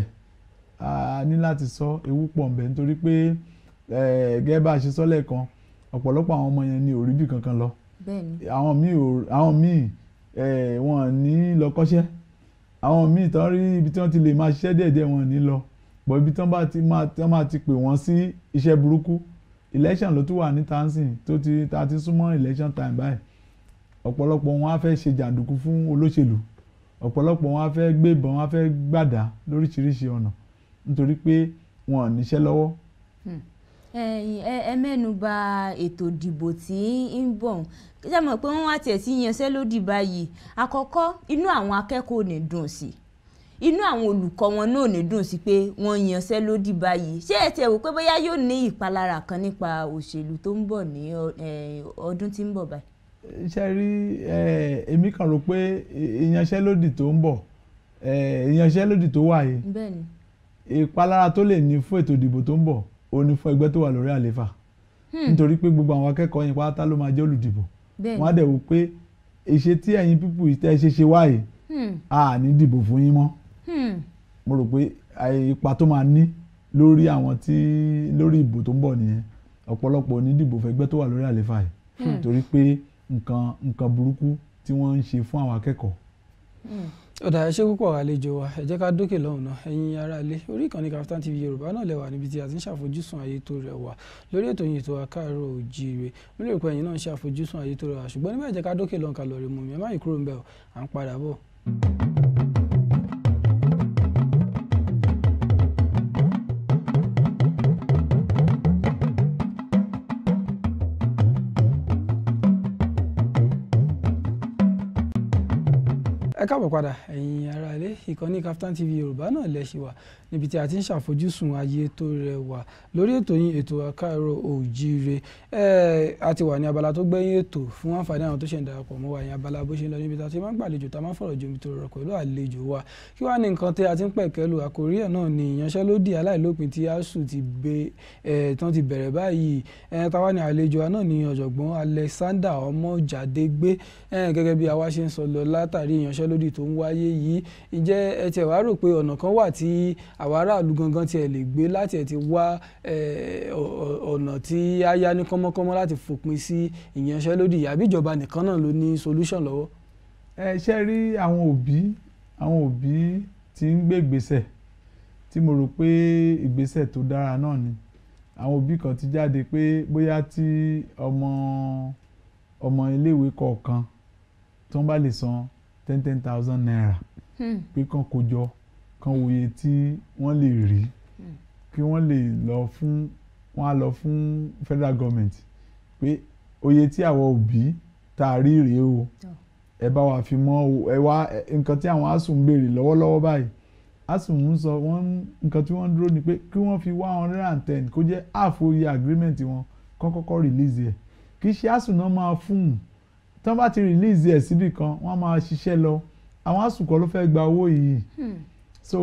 Speaker 2: a ní láti sọ ewu pọ̀ ń bẹ nítorí pé gẹ́gẹ́ bá a ṣe sọ lẹ́ẹ̀kan ọ̀pọ̀lọpọ̀ àwọn ọmọ yẹn ni ò rí bí kankan lọ. bẹ́ẹ̀ni àwọn àwọn míì wọn ní lọ kọ́ṣẹ́ àwọn míì tán rí ibi tí wọ́n ti lè máa ṣiṣẹ́ díẹ̀díẹ̀ wọn ní lọ bọ̀ ibi tí wọ́n bá ti máa tí wọ́n máa ti pè wọ́n sí iṣẹ́ burúkú election ló tún wà ní tansin tó ti ta ti súnmọ́ election time báyìí ọ̀pọ̀lọpọ̀ wọn á fẹ́ ṣe jàǹdùkú fún olóṣèlú ọ̀pọ̀lọpọ̀ wọn á fẹ́ gbébọn wọn á fẹ́ gbàdá lóríṣiríṣi ọ̀nà nítorí pé wọn ò níṣẹ́ lọ́wọ́
Speaker 3: hmm ẹ mẹ́nu ba ètò ìdìbò tí ń bọ̀ ṣé mọ̀ pé wọ́n wá tiẹ̀ sí yanṣẹ́ lódì báyìí àkọ́kọ́ inú àwọn akẹ́kọ̀ọ́ ò ní dùn sí inú àwọn olùkọ́ wọn náà ò ní dùn sí pé wọ́n yanṣẹ́ lódì báyìí ṣé ẹ tiẹ̀ wò pé bóyá yóò ní ìpalára kan nípa òṣèlú tó ń bọ̀ ní ọdún tí ń bọ̀ báyìí. ṣe rí
Speaker 2: èmi kan rò pé ìyanṣẹ́lódì tó ń bọ̀ ìyanṣẹ́lódì tó wà yìí ìpalára tó lè ní fún ètò ìdìbò tó ń bọ̀ Oni ní fún ẹgbẹ́ tó wà lórí àléfà hmm. nítorí pé gbogbo àwọn akẹ́kọ̀ọ́ yẹn pátá ló máa jẹ́ olùdìbò wọ́n á dẹ̀ wò pé ìṣe tí ẹ̀yin pípù ìtẹ́ ṣe ṣe wáyé hmm. a ní dìbò fún yín mọ́ hmm. mo rò pé ipa tó máa ní lórí àwọn tí lórí ìbò tó ń bọ̀ nìyẹn ọ̀pọ̀lọpọ̀ onídìbò fẹ́gbẹ́ tó wà lórí àléfà yìí torí pé nǹkan nǹkan burúkú tí wọ́n ń ṣe fún àwọn akẹ́kọ̀ọ́ ó dáa ẹ ṣé púpọ̀ àlejò wa ẹ jẹ́ ká dókè lọ́hùn
Speaker 1: náà ẹ̀yin ará ilé orí ìkànnì Kaftan TV Yorùbá náà lẹ́wà níbi tí a ti ń ṣàfojúsùn ayé tó rẹwà lórí ètò yìí tó wa káàárọ̀ oòjíire mo lérò pé ẹ̀yin náà ń ṣàfojúsùn ayé tó rẹwà ṣùgbọ́n níbẹ̀ ẹ jẹ́ ká dókè lọ́hùn ká lọ mú mi ẹ má yìí kúrò ń bẹ̀ ọ́ à ń padà bọ̀. káàbọ̀ padà ẹ̀yin ará ilé ìkànnì Kaftan TV yorùbá náà lẹ ṣì wà níbi tí a ti ń ṣàfojúsùn ayé tó rẹwà lórí ètò yín ètò àkàrọ̀ òjíire a ti wà ní abala tó gbẹ̀yìn ètò fún àǹfààní àwọn tó ṣe ń darapọ̀ mọ́ wa ìyẹn abala bó ṣe ń lọ níbi tá a ti máa ń gbàlejò tá a máa ń fọ̀rọ̀ jomi tó rọ̀ pẹ̀lú àlejò wa kí wàá ní nǹkan tí a ti ń pẹ̀kẹ́ lu àkórí ẹ̀ náà ni ìyanṣẹ́lódì aláìlópin tí asuu ti be tán ti bẹ̀rẹ̀ báyìí táwa ní àlejò wa náà ni ọ̀jọ̀gbọ́n Alexander Ọmọjàdégbé gẹ́gẹ́ bí àwa ṣe ń lórí tó ń wáyé yìí ǹjẹ́ ẹ tiẹ̀ wá rò pé ọ̀nà kan wà tí àwọn aráàlú gangan tiẹ̀ lè gbé láti ẹ̀ ti wá ọ̀nà tí á yá ní kọ́mọ́kọ́mọ́ láti fòpin sí ìyanṣẹ́lódì àbí ìjọba nìkan náà ló ní solution
Speaker 2: lọ́wọ́. ẹ ṣe rí àwọn òbí àwọn òbí tí ń gbé ìgbésẹ̀ tí mo rò pé ìgbésẹ̀ tó dára náà ni àwọn òbí kan ti jáde pé bóyá tí ọmọ ọmọ iléèwé kọ̀ọ̀kan tó ń bá lè san ten ten thousand naira hmm. pé kàn kó jọ kàn wòye tí wọ́n lè rí hmm. kí wọ́n lè lọ fún wọ́n á lọ fún federal government pé oye tí àwọn òbí tá a rí rèé o ẹ bá wa fi mọ́ ẹ wá nǹkan tí àwọn asùn ń béèrè lọ́wọ́lọ́wọ́ báyìí asùn ń sọ wọ́n nǹkan tí wọ́n dúró ni pé kí wọ́n fi one hundred and ten kó jẹ́ half oye agreement wọn kọ́kọ́kọ́ release ẹ̀ kì í ṣe asùn náà máa fún un tí wọ́n bá ti release ẹ̀ síbì kan wọ́n máa ṣiṣẹ́ lọ àwọn àsùnkọ́ ló fẹ́ gba owó yìí hmm. so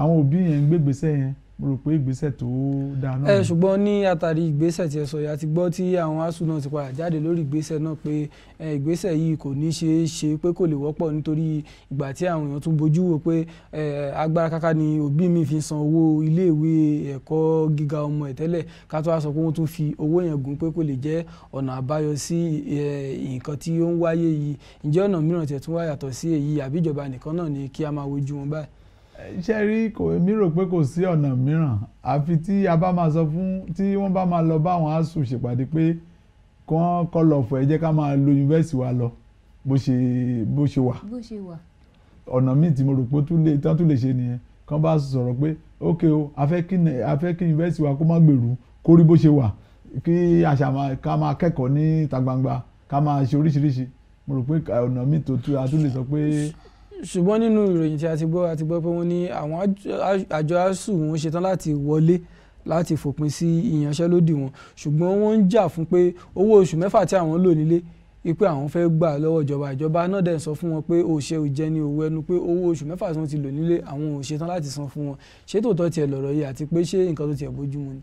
Speaker 2: àwọn òbí yẹn ń gbégbèsè yẹn mo rò pé ìgbésẹ̀ tó dáa náà. ẹ eh,
Speaker 1: ṣùgbọ́n ní àtàrí ìgbésẹ̀ tí ẹ sọ yà ti gbọ́ tí àwọn asuu náà ti padà jáde lórí ìgbésẹ̀ náà pé eh, ìgbésẹ̀ yìí kò ní ṣe é ṣe pé kò lè wọ́pọ̀ nítorí ìgbà tí àwọn èèyàn tún bójú wò pé eh, agbára káká ni òbí mi fi san owó iléèwé ẹ̀kọ́ gíga ọmọ ẹ̀ tẹ́lẹ̀ ká tó wá sọ pé wọ́n tún fi owó yẹn gún pé kò lè jẹ́ ọ̀nà àbáyọ sí nǹkan tí ó ń wáyé yìí
Speaker 2: ǹjẹ́ ọ̀nà mìíràn tẹ̀ tún wá sí èyí àbí nìkan náà ni kí a máa wojú wọn báyìí ṣe rí kò mí rò pé kò sí ọ̀nà mìíràn àfi tí a bá máa sọ fún tí wọ́n bá máa lọ bá àwọn asuu ṣèpàdé pé kán kọ́ lọ fọ̀ ẹ jẹ́ ká máa lo yunifásitì wa lọ bó ṣe bó ṣe wà ọ̀nà míì tí mo rò pé tán tún lè ṣe nìyẹn kán bá sọ̀rọ̀ pé ok o a fẹ́ kí a fẹ́ kí yunifásitì wa kó má gbèrú kó rí bó ṣe wà kí àṣà ká máa kẹ́kọ̀ọ́ ní ìta gbangba ká máa ṣe oríṣiríṣi mo rò pé ọ̀nà míì tó tú a tún lè sọ pé ṣùgbọ́n nínú
Speaker 1: ìròyìn tí a ti gbọ́ a ti gbọ́ pé wọ́n ní àwọn àjọ asuu wọn ṣetán láti wọlé láti fòpin sí ìyanṣẹ́lódì wọn ṣùgbọ́n wọ́n ń jà fún pé owó oṣù mẹ́fà tí àwọn lò nílé ipe àwọn fẹ́ gbà lọ́wọ́ ìjọba ìjọba náà dẹ̀ sọ fún wọn pé òṣè òjẹ́ ni òwú ẹnu pé owó oṣù mẹ́fà tí wọ́n ti lò nílé àwọn ò ṣetán láti san fún wọn ṣé tòótọ́ tiẹ̀ lọ̀rọ̀ yìí àti pé ṣé nǹkan tó tiẹ̀ bójúmu ni.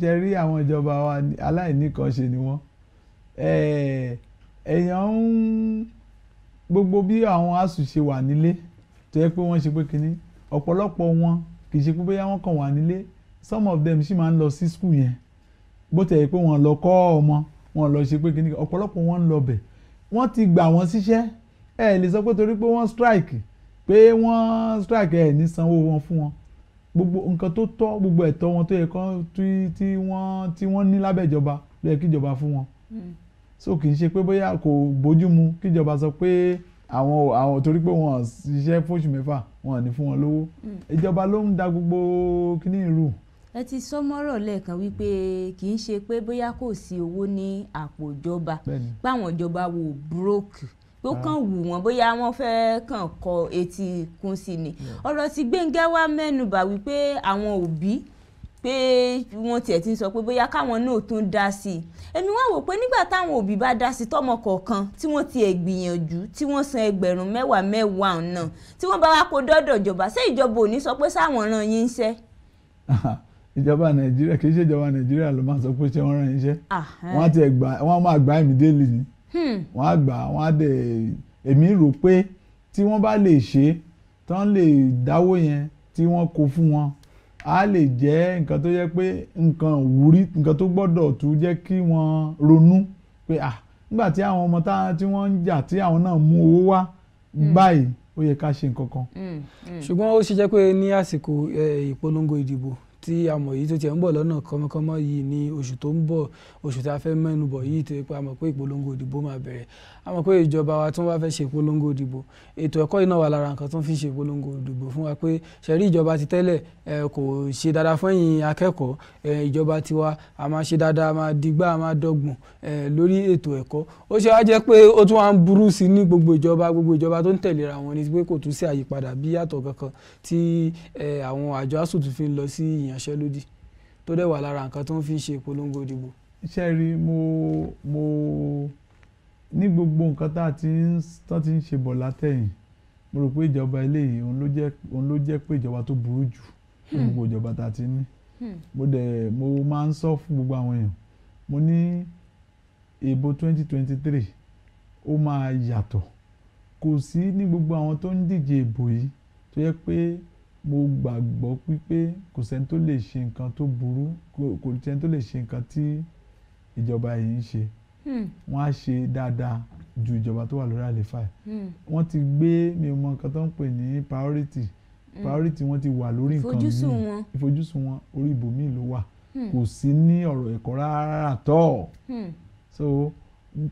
Speaker 2: ṣe rí àwọn ìjọba wa aláìníkanṣe ni wọ́n èèyàn ń gbogbo bí àwọn asùn ṣe wà nílé tó yẹ pé wọ́n ṣe pé kínní ọ̀pọ̀lọpọ̀ wọn kì í ṣe pé bóyá wọ́n kàn wà nílé some of them sì máa ń lọ sí school yẹn bó tẹ̀ pé wọ́n lọ kọ́ ọmọ wọ́n lọ ṣe pé kínní ọ̀pọ̀lọpọ̀ wọn ń lọ bẹ̀ wọ́n ti gbà wọ́n síṣẹ́ ẹ lè sọ pé torí pé wọ́n strike pé wọ́n strike ẹ ní sanwó wọn fún wọn gbogbo nǹkan tó tọ́ gbogbo ẹ̀tọ́ wọn tó yẹ kán tí wọ́n ní lábẹ́ ìjọba ló kíjọba fún wọn hmm so kì í ṣe pé bóyá kò bójúmu kíjọba sọ pé àwọn àwọn torí pé wọn ṣiṣẹ́ fóṣù mẹ́fà wọn ní fún wọn lówó mm. ìjọba ló ń da gbogbo kíní rú.
Speaker 3: ẹ ti sọ mọ́rọ̀ lẹ́ẹ̀kan wípé kì í ṣe pé bóyá kò sí owó ní àpò ìjọba páwọn ìjọba wò broke ó kàn ah. wù wọ́n bóyá wọ́n fẹ́ẹ́ kàn kọ etí kún sí ni ọ̀rọ̀ tí Gbénga wá mẹ́nubà wípé àwọn òbí pé wọ́n tiẹ̀ ti ń sọ pé bóyá káwọn náà tún dá sí i èmi wá wò pé nígbà táwọn òbí bá dá sí tọmọ kọ̀ọ̀kan tí wọ́n tiẹ̀ gbìyànjú tí wọ́n san ẹgbẹ̀rún mẹ́wàá mẹ́wàá náà tí wọ́n bá wá kó dọ́dọ̀ ìjọba ṣé ìjọba ò ní sọ pé sáwọn rán yín iṣẹ́.
Speaker 2: (laughs) ìjọba nàìjíríà kì í ṣe ìjọba nàìjíríà ló máa sọ pé ṣé wọ́n rán yín iṣẹ́ wọ́n á tiẹ̀ gbà wọ́n máa gbà èmi délé ni hmm. wọ́n á gbà wọ́n á dẹ̀ èmi rò pé tí wọ́n bá lè ṣe tán lè dáwó yẹn tí wọ́n kó fún wọn a lè jẹ́ nǹkan tó yẹ pé nǹkan ìwúrí nǹkan tó gbọ́dọ̀ tó jẹ́ kí wọ́n ronú pé ah nígbà tí àwọn ọmọ tí wọ́n ń jà tí àwọn náà mú owó wá hmm. báyìí ó yẹ ká ṣe nǹkan kan.
Speaker 4: Hmm,
Speaker 1: hmm.
Speaker 2: ṣùgbọ́n ó ṣe jẹ́ pé ní
Speaker 1: àsìkò eh, ìpolongo ìdìbò tí a mọ̀ yìí tó tiẹ̀ ń bọ̀ lọ́nà kọ́mọkọ́mọ yìí ní oṣù tó ń bọ̀ oṣù tá a fẹ́ mẹ́nu bọ̀ yìí tó yẹ pé a mọ̀ pé ìpolongo ìdìbò máa bẹ̀rẹ̀ a mọ̀ pé ìjọba wa tún wá fẹ́ ṣe ìpolongo ìdìbò ètò ẹ̀kọ́ iná wà lára nǹkan tó fi ṣe ìpolongo ìdìbò fún wa pé ṣẹ̀rí ìjọba ti tẹ́lẹ̀ ẹ kò ṣe dáadáa fún ẹ̀yin akẹ́kọ̀ọ́ ẹ ìjọba tiwa a máa ṣe dáadáa máa digbá a máa dọ́gbọ́n ẹ lórí ètò ẹ̀kọ́ ó ṣe wá jẹ́ pé ó tún wá ń burú sí ní gbogbo ìjọba gbogbo ìjọba tó ń tẹ̀léra wọn ni pé kò tún sí àyípadà bí yàtọ̀ kankan tí àwọn àjọ asòtún fi ń lọ sí ìyanṣẹ́lódì tó dẹ̀ wà lára nǹkan tó ń fi ṣe ìpolongo ìdìbò
Speaker 2: ṣe rí mo mo ní gbogbo nǹkan tá a ti ń tán ti ń ṣe bọ̀ látẹ̀yìn mo rò pé ìjọba eléyìí òun ló jẹ́ òun ló jẹ́ pé ìjọba tó burú jù fún hmm. gbogbo ìjọba tá a ti ní hmm. mo dẹ̀ mo máa ń sọ fún gbogbo àwọn èèyàn mo ní ìbò twenty twenty three ó máa yàtọ̀ kò sí ní gbogbo àwọn tó ń díje ìbò yìí tó yẹ pé mo gbàgbọ́ pípé kò sẹ́ni tó lè ṣe nǹkan tó burú kò sẹ́ni tó lè ṣe nǹkan tí ìjọba yìí ń ṣe hmm. wọ́n á ṣe dáadáa ju ìjọba tó wà lórí àlééfà yìí hmm. wọ́n ti gbé mi mọ nǹkan tó ń pè ní priority
Speaker 4: hmm. priority
Speaker 2: wọ́n ti wà lórí nǹkan míì ìfojúsùn wọn orí ibòmíì ló wà kò sí ní ọ̀rọ̀ ẹ̀kọ́ rárá tọ́ so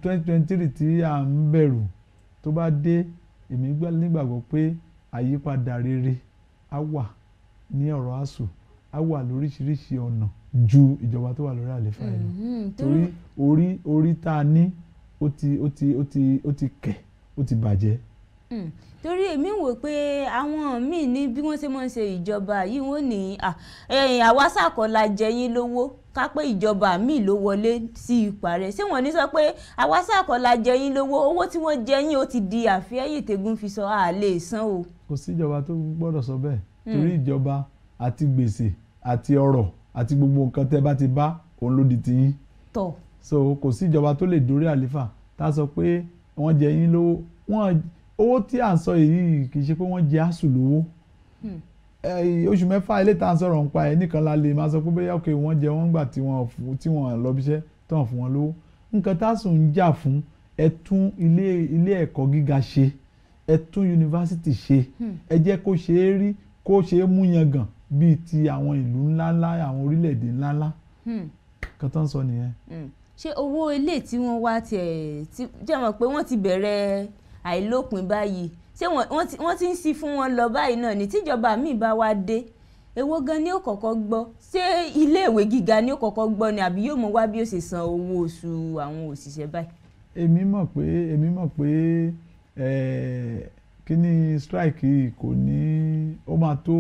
Speaker 2: twenty twenty three tí à ń bẹ̀rù tó bá dé èmi nígbàgbọ́ pé àyípadà rere á wà ní ọ̀rọ̀ àṣù á wà lóríṣiríṣi ọ̀nà ju ìjọba tó wà lórí àlééfà yìí lọ mm-hmm. torí orí orí tá a ní ó ti ó ti ó ti ó ti kẹ̀ ó ti bàjẹ́
Speaker 3: mm. torí èmi ń wò pé àwọn míì ní bí wọ́n ṣe máa ń ṣe ìjọba yìí wọ́n ní àwa ṣàkọlà jẹyìn lówó ká pé ìjọba míì ló wọlé sí ipò ààrẹ ṣé wọ́n ní sọ pé àwa ṣàkọlà jẹyìn lówó owó tí wọ́n jẹyìn ó ti di àfẹ́yìn tẹ́gùn fi sọ a san o.
Speaker 2: kò sí ìjọba tó gbọ́dọ̀ sọ bẹ́ẹ̀ mm. torí ìjọba àti gbèsè àti ọrọ̀ àti gbogbo nǹkan tẹ́ bá ti bá òun ló di tiyín. tọ. so kò sí ìjọba tó lè dórí àléfà tá a sọ pé wọ́n jẹ yín lówó wọ́n owó tí à ń sọ èyí kì í ṣe pé wọ́n jẹ àṣù lówó. Hmm. oṣù mẹ́fà ilé tá à ń sọ̀rọ̀ ń pa ẹ̀ nìkan la lè máa sọ pé bóyá òkè wọ́n jẹ wọ́n gbà tí wọ́n fún tí wọ́n fún wọn lówó nǹkan tá a sùn ń jà fún ẹ tún ilé ẹ̀kọ́ gíga ṣe ẹ tún yunifásitì ṣe hmm. ẹ jẹ́ kó ṣe é rí kó ṣe é mú yangàn bíi ti àwọn ìlú ńláńlá àwọn orílẹ̀-èdè ńláńlá hmm. kan tó ń sọ nìyẹn.
Speaker 3: Hmm. ṣé owó ilé tí wọ́n wá tiẹ̀ tí jẹ́ mọ̀ pé wọ́n ti bẹ̀rẹ̀ àìlópin báyìí ṣé wọ́n ti ń sí fún wọn lọ báyìí náà ní tíjọba míì bá wá dé èwo gan ni ó kọ́kọ́ gbọ́ ṣé iléèwé gíga ni ó kọ́kọ́ gbọ́ ni àbí yóò mọ wá bí ó ṣe san owó oṣù àwọn òṣìṣẹ́ báyìí.
Speaker 2: èmi mọ̀ pé èmi mọ̀ pé kíní strike yìí kò ní ó máa tó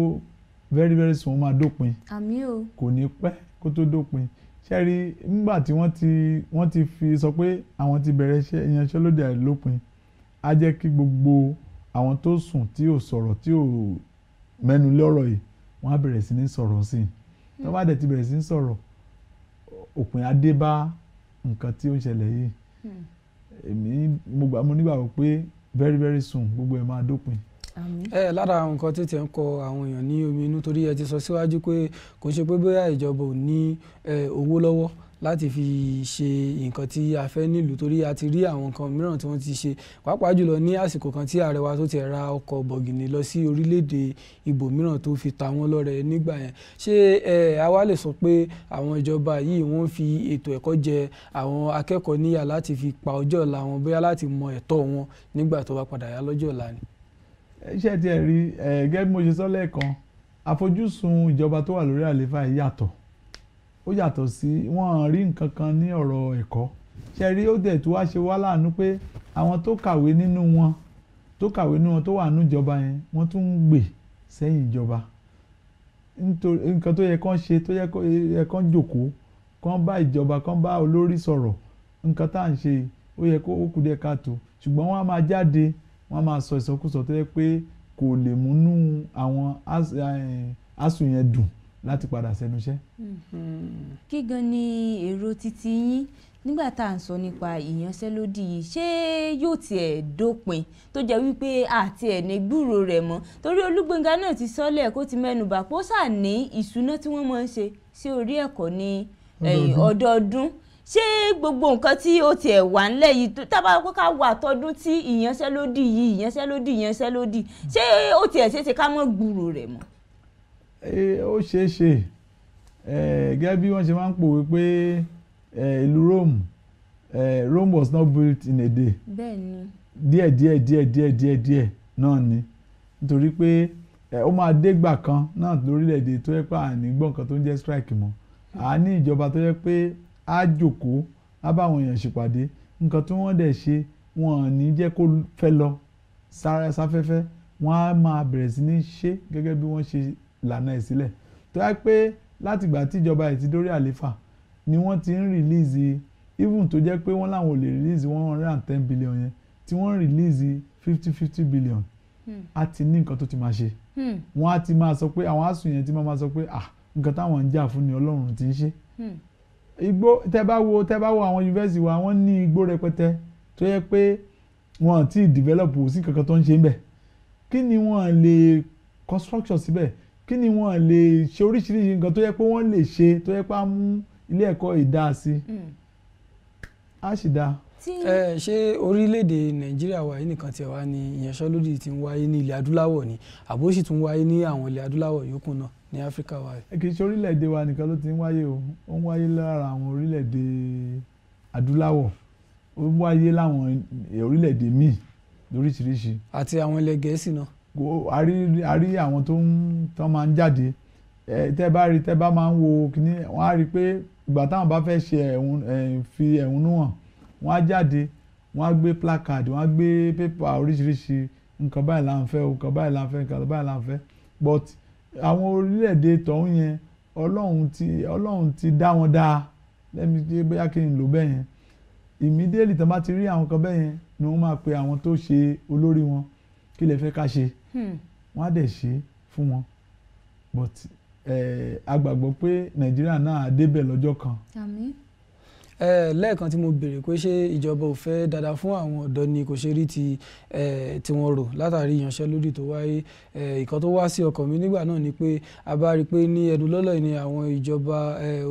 Speaker 2: very very soon máa dópin àmín o kò ní pẹ́ kó tó dópin ṣẹ́rí nígbà tí wọ́n ti wọ́n ti fi sọ pé àwọn ti bẹ̀rẹ̀ iṣẹ́ ìyanṣẹ́lódì àìlópin á jẹ́ kí gbogbo àwọn tó sùn tí ò sọ̀rọ̀ tí ò mẹ́nu lọ́rọ̀ yìí wọ́n á bẹ̀rẹ̀ sí ní sọ̀rọ̀ sí i tó bá dẹ̀ ti bẹ̀rẹ̀ sí ní sọ̀rọ̀ òpin á dé bá nǹkan tí ó ń yìí hmm. èmi mo gbà mo nígbàgbọ́ pé very very soon gbogbo ẹ̀ máa dópin
Speaker 1: ẹ lára àwọn nǹkan tètè ń kọ àwọn èèyàn ní omi inú torí ẹ ti sọ síwájú pé kò ń ṣe pé bóyá ìjọba ò ní owó lọ́wọ́ láti fi ṣe nǹkan tí a fẹ́ nílùú torí a ti rí àwọn nǹkan mìíràn tí wọ́n ti ṣe pàápàá jùlọ ní àsìkò kan tí ààrẹ wa tó ti ra ọkọ̀ bọ̀gìnì lọ sí orílẹ̀-èdè ibòmíràn tó fi ta wọ́n lọ́rẹ nígbà yẹn ṣé ẹ àwa lè sọ pé àwọn ìjọba yìí wọ́n fi ètò ẹ̀kọ́ jẹ àwọn akẹ́kọ̀ọ́ níyà láti fi pa ọjọ́ ọ̀la wọn bóyá láti mọ ẹ̀tọ́ wọn nígbà tó bá padà yá lọ́jọ́ ọ̀la ni
Speaker 2: ṣé tiẹ̀ rí gẹ́gẹ́ bí mo ṣe sọ lẹ́ẹ̀kan àfojúsùn ìjọba tó wà lórí àlééfà yàtọ̀ ó yàtọ̀ sí wọ́n rí nǹkan kan ní ọ̀rọ̀ ẹ̀kọ́ ṣe rí ó dẹ̀ tó wá ṣe wá láàánú pé àwọn tó kàwé nínú wọn tó kàwé nínú wọn tó wà nínú ìjọba yẹn wọ́n tún ń gbè sẹ́yìn ìjọba nítorí nǹkan tó yẹ kán ṣe tó yẹ kán jòkó kán bá ìjọba kán bá olórí sọ̀rọ̀ nǹkan tá à ń ṣe ó yẹ kó kú káàtó ṣùgbọ́n wọ́n á máa jáde wọ́n máa sọ ìsọkúsọ tó yẹ pé kò lè múnú àwọn eh, asùn yẹn dùn láti padà sẹ́nu iṣẹ́.
Speaker 3: Mm-hmm. kí gan ni èrò títí yín nígbà tá à ń sọ nípa ìyanṣẹ́lódì yìí ṣé yóò tiẹ̀ dópin tó jẹ́ wípé àti ẹ̀ gbúrò rẹ̀ mọ́ torí Olúgbénga náà ti sọ́lẹ̀ kó ti mẹ́nubà kó ní ìṣúná tí wọ́n máa ń ṣe sí orí ẹ̀kọ́ ní ọdọọdún. Eh, ṣé gbogbo nǹkan tí ó tiẹ̀ wà ńlẹ̀ yìí tábà pé ká wà tọdún tí ìyanṣẹ́lódì yìí ìyanṣẹ́lódì ìyanṣẹ́lódì ṣé ó tiẹ̀ ṣeéṣe ká mọ̀ gbúrò rẹ̀ mọ́.
Speaker 2: ó ṣeé ṣe gẹ́gẹ́ bí wọ́n ṣe máa ń pòwe pé ìlú Rome Rome was not built in a day díẹ̀ díẹ̀ díẹ̀ díẹ̀ díẹ̀ díẹ̀ náà ni nítorí pé ó máa dégbà kan náà lórílẹ̀‐èdè tó yẹ pé à ní gbọ́ nǹkan tó ń jẹ́ strike mọ́ à ní ìjọba tó yẹ pé á jòkó á bá àwọn èèyàn ṣèpàdé nǹkan tí wọ́n dẹ̀ ṣe wọn ò ní jẹ́ kó fẹ́ lọ sáfẹ́fẹ́ wọ́n á máa bẹ̀rẹ̀ sí ní ṣe gẹ́gẹ́ bí wọ́n ṣe lànà ẹ̀ sílẹ̀ tó yá pé látìgbà tíjọba ẹ̀ ti dórí àléfà ni wọ́n ti ń rìlíìsì even tó jẹ́ pé wọ́n láwọn ò lè release one hundred and ten billion yẹn tí wọ́n release fifty fifty billion hmm. a ti ní nǹkan tó ti máa ṣe hmm. wọ́n á ti máa sọ pé àwọn asùn yẹn ti máa sọ pé ah nǹkan táwọn ń jà fún ni ọlọ́run ti ń ṣe hmm igbó tẹ́ bá wo tẹ́ bá wo àwọn yunifásitì wa wọ́n ní igbó rẹpẹtẹ tó yẹ pé wọn àti develop sí kankan tó ń ṣe ń bẹ̀ kí ni wọ́n lè construction síbẹ̀ kí ni wọ́n lè ṣe oríṣiríṣi nǹkan tó yẹ pé wọ́n lè ṣe tó yẹ pé á mú ilé ẹ̀kọ́ ìdásí á hmm. sì dáa
Speaker 1: ẹ ṣé orílẹ̀-èdè nàìjíríà wa yìí nìkan tiẹ̀ wá ní ìyanṣẹ́lódì tí ń wáyé ní ilẹ̀ adúláwọ̀ ni àbó tún wáyé ní àwọn ilẹ̀ adúláwọ̀ yòókù náà ní áfíríkà wa
Speaker 2: yìí. kì í ṣe orílẹ̀-èdè wa nìkan ló ti ń wáyé o ó ń wáyé lára àwọn orílẹ̀-èdè adúláwọ̀ ó ń wáyé láwọn e, orílẹ̀-èdè míì lóríṣiríṣi. àti àwọn ilẹ̀ gẹ̀ẹ́sì náà. a rí àwọn tó ń tán máa ń jáde tẹ́ bá rí tẹ́ bá máa ń wo kíní wọ́n á rí i pé ìgbà táwọn bá fẹ́ ṣe fi ẹ̀hónú hàn wọ́n á jáde wọ́n á gbé placard wọ́n á gbé pépà oríṣiríṣi nǹkan báyìí là ń fẹ́ nǹkan báyìí là ń fẹ́ nǹkan báyìí là ń fẹ́ but àwọn orílẹ̀-èdè tọ̀hún yẹn ọlọ́run ti ọlọ́run ti dá wọn dáa lẹ́mi pé bóyá kí n lò bẹ́ẹ̀ yẹn immediately tán bá ti rí àwọn kan bẹ́ẹ̀ yẹn ni wọ́n máa pe àwọn tó ṣe olórí wọn kí lè fẹ́ ká ṣe hmm. wọ́n á dẹ̀ ṣe fún wọn but eh, a gbàgbọ́ pé nàìjíríà náà débẹ̀ lọ́jọ́ kan.
Speaker 4: àmín
Speaker 1: lẹ́ẹ̀kan tí mo béèrè pé ṣé ìjọba ò fẹ́ dáadáa fún àwọn ọ̀dọ́ ni kò ṣe rí ti tí wọ́n rò látàrí ìyanṣẹ́lódì tó wáyé ìkan tó wá sí ọkàn mi nígbà náà ni pé a bá rí i pé ní ẹnu lọ́lọ́ ni àwọn ìjọba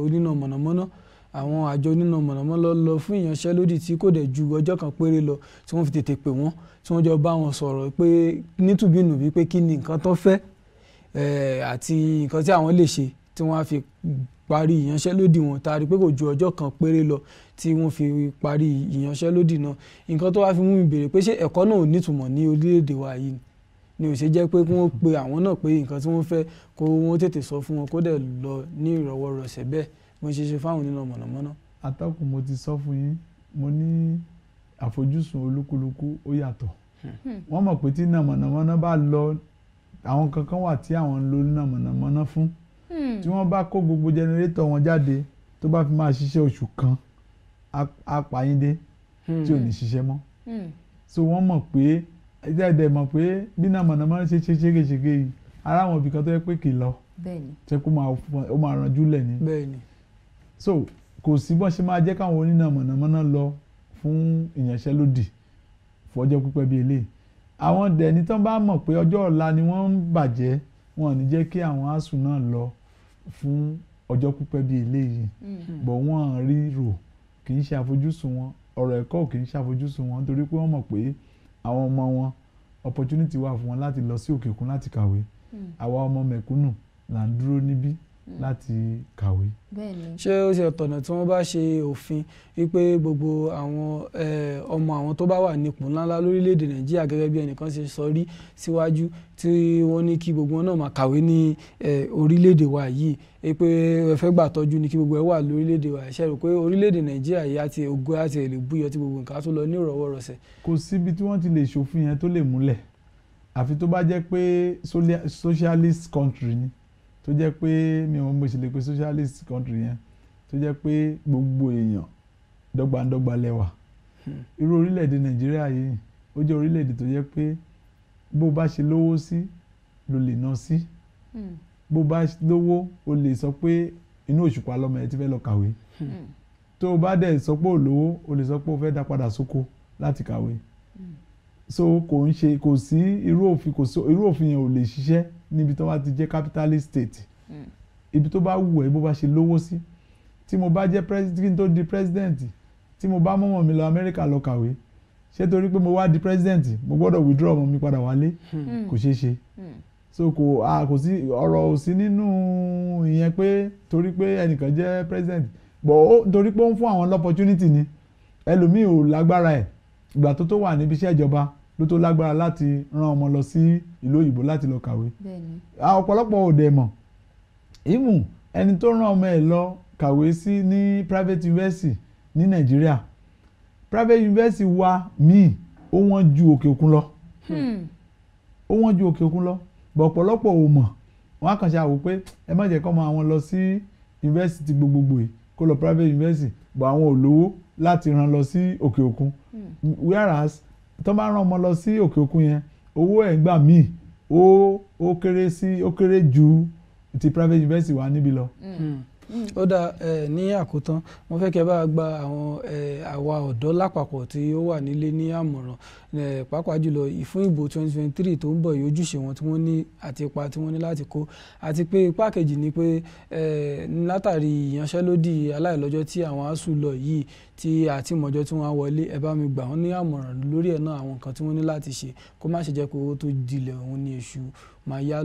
Speaker 1: oníná mọ̀nàmọ́ná àwọn àjọ oníná mọ̀nàmọ́ná lọ fún ìyanṣẹ́lódì tí kò dẹ̀ ju ọjọ́ kan péré lọ tí wọ́n fi tètè pè wọ́n tí wọ́n jọ bá wọn sọ̀rọ̀ pé nítùbínùbí pé kí ni nǹkan tó fẹ́ àti nǹkan tí àwọn lè ṣe tí wọ́n á fi parí ìyanṣẹ́lódì wọn tá a rí pé kò ju ọjọ́ kan péré lọ tí wọ́n fi parí ìyanṣẹ́lódì náà nǹkan tó wá fi mú mi béèrè pé ṣé ẹ̀kọ́ náà ò nítumọ̀ ní orílẹ̀-èdè wa yìí ni ò ṣe jẹ́ pé kí wọ́n pe àwọn náà pé nǹkan tí wọ́n fẹ́ kó wọ́n tètè sọ fún wọn kó dẹ̀ lọ ní ìrọwọ́rọsẹ̀ bẹ́ẹ̀ bó ṣe ṣe fáwọn oníná mọ̀nàmọ́ná.
Speaker 2: atọ́kùn mo ti sọ fún yín mo ní àfojúsùn olúkúlùkù ó yàtọ̀ hmm. wọ́n mọ̀ pé tí iná bá lọ àwọn kankan wà tí àwọn ń lo iná fún Hmm. tí wọ́n bá kó gbogbo jẹnẹrétọ̀ wọn jáde tó bá fi máa ṣiṣẹ́ oṣù kan apàyíndé hmm. tí ò ní ṣiṣẹ́ mọ́ hmm. so wọ́n mọ̀ pé ẹ̀dẹ̀ mọ̀ pé bí náà mọ̀nàmọ́ ṣe ṣe ṣégeṣége yìí ara àwọn ibìkan tó yẹ pé kì í lọ ṣe kó máa ranjú lẹ̀ ni so kò sí bọ́n ṣe máa jẹ́ káwọn oníná mọ̀nàmọ́ná lọ fún ìyanṣẹ́lódì fọjọ́ pípẹ́ bíi eléyìí àwọn dẹ̀ni tán bá mọ̀ pé ọjọ́ ọ̀la ni wọ́n ń bàjẹ́ wọn ò ní jẹ́ kí àwọn asùn náà lọ fún ọjọ́ pípẹ́ bíi eléyìí hmm. bọ̀ wọ́n rí rò kì í ṣe àfojúsùn wọn ọ̀rọ̀ ẹ̀kọ́ kì í ṣe àfojúsùn wọn nítorí pé wọ́n mọ̀ pé àwọn ọmọ wọn opportunity wà fún wọn láti lọ sí òkè òkun láti kàwé hmm. àwa ọmọ mẹ̀kúnnù là ń dúró níbí láti kàwé. ṣé ó ṣe ọ̀tọ̀nà tí wọ́n bá ṣe
Speaker 1: òfin wípé gbogbo àwọn ọmọ àwọn tó bá wà nípò ńláńlá lórílẹ̀‐èdè nàìjíríà gẹ́gẹ́ bí ẹnìkan ṣe sọ rí síwájú tí wọ́n ní kí gbogbo wọn náà máa kàwé ní orílẹ̀‐èdè wa yìí pé ẹ fẹ́ gbà tọ́jú ni kí gbogbo ẹ wà lórílẹ̀‐èdè wa ṣe rò pé orílẹ̀‐èdè
Speaker 2: nàìjíríà yìí àti ògo àti èlè búyọ tí gbogbo nǹkan tó lọ ní ìrọ̀wọ́rọ̀sẹ̀. kò síbi tí wọ́n ti lè ṣòfin socialist country ni tó jẹ́ pé mi ò mọ̀ ṣe lè socialist country yẹn tó jẹ́ pé gbogbo èèyàn dọ́gbandọ́gba lẹ́wà hmm. irú orílẹ̀-èdè nàìjíríà yìí ó jẹ́ orílẹ̀-èdè tó jẹ́ pé bó bá ṣe lówó sí ló lè ná sí hmm. bó bá lówó o lè sọ pé inú òṣùpá lọ́mọ ẹ ti fẹ́ lọ kàwé hmm. tó o bá dẹ̀ sọ pé ò lówó o lè sọ pé o fẹ́ dá padà sóko láti kàwé so kò ń ṣe kò sí irú òfin kò sí irú òfin yẹn ò lè ṣiṣẹ́ níbi tó bá ti jẹ́ capitalist state hmm. ibi tó bá wù ẹ́ bó bá ṣe lówó sí tí mo bá jẹ́ kí n tó di president tí mo bá mọ̀mọ́ mi lọ Amẹ́ríkà lọ kàwé ṣé torí pé mo wá di president mo gbọ́dọ̀ withdraw ọmọ mi padà wálé hmm. kò ṣeé ṣe hmm. so kò a kò sí ọ̀rọ̀ ò sí nínú ìyẹn pé torí pé ẹnìkan jẹ́ president bọ̀ ó torí pé ó ń fún àwọn l'opportunity ni ẹlòmíì ò lágbára ẹ̀ ìgbà tó tó wà níbi iṣẹ́ ìjọba ló tó lágbára láti rán ọmọ lọ sí ìlú òyìnbó láti lọ kàwé ọ̀pọ̀lọpọ̀ òde mọ̀ ìmù ẹni tó rán ọmọ ẹ̀ lọ kàwé sí ní private university ní nàìjíríà private university wa míì ó wọ́n ju òkè òkun lọ hmm. ó wọ́n ju òkè òkun lọ bọ̀ ọ̀pọ̀lọpọ̀ ò mọ̀ wọ́n á àwò pé ẹ má jẹ́ kọ́ ọmọ àwọn lọ sí yunifásitì gbogbogbò yìí kó lọ private university bọ̀ àwọn ò lówó láti rán lọ sí òkè òkun hmm. whereas tó bá rán ọmọ lọ sí òkè òkun yẹn owó ẹ̀ gbà míì ó ó kéré sí ó kéré ju ti private university wa níbí lọ. Mm. Mm. ó dá ní àkótán mo fẹ́ kẹ́ bá
Speaker 1: gba àwọn àwa ọ̀dọ́ lápapọ̀ tí ó wà nílé ní àmọ̀ràn pàápàá jùlọ ìfún ìbò twenty three tó ń bọ̀ yìí ojúṣe wọn tí wọ́n ní àti ipa tí wọ́n ní láti kó àti pé ipá kejì ni pé látàrí ìyanṣẹ́lódì aláìlọ́jọ́ tí àwọn asuu lọ yìí tí àtìmọ̀jọ́ tí wọ́n á wọlé ẹ bá mi gbà wọ́n ní àmọ̀ràn lórí ẹ̀ náà àwọn nǹkan tí wọ́n ní láti ṣe kó má ṣe jẹ́ pé owó tó dilẹ̀ òun ni èṣù máa yá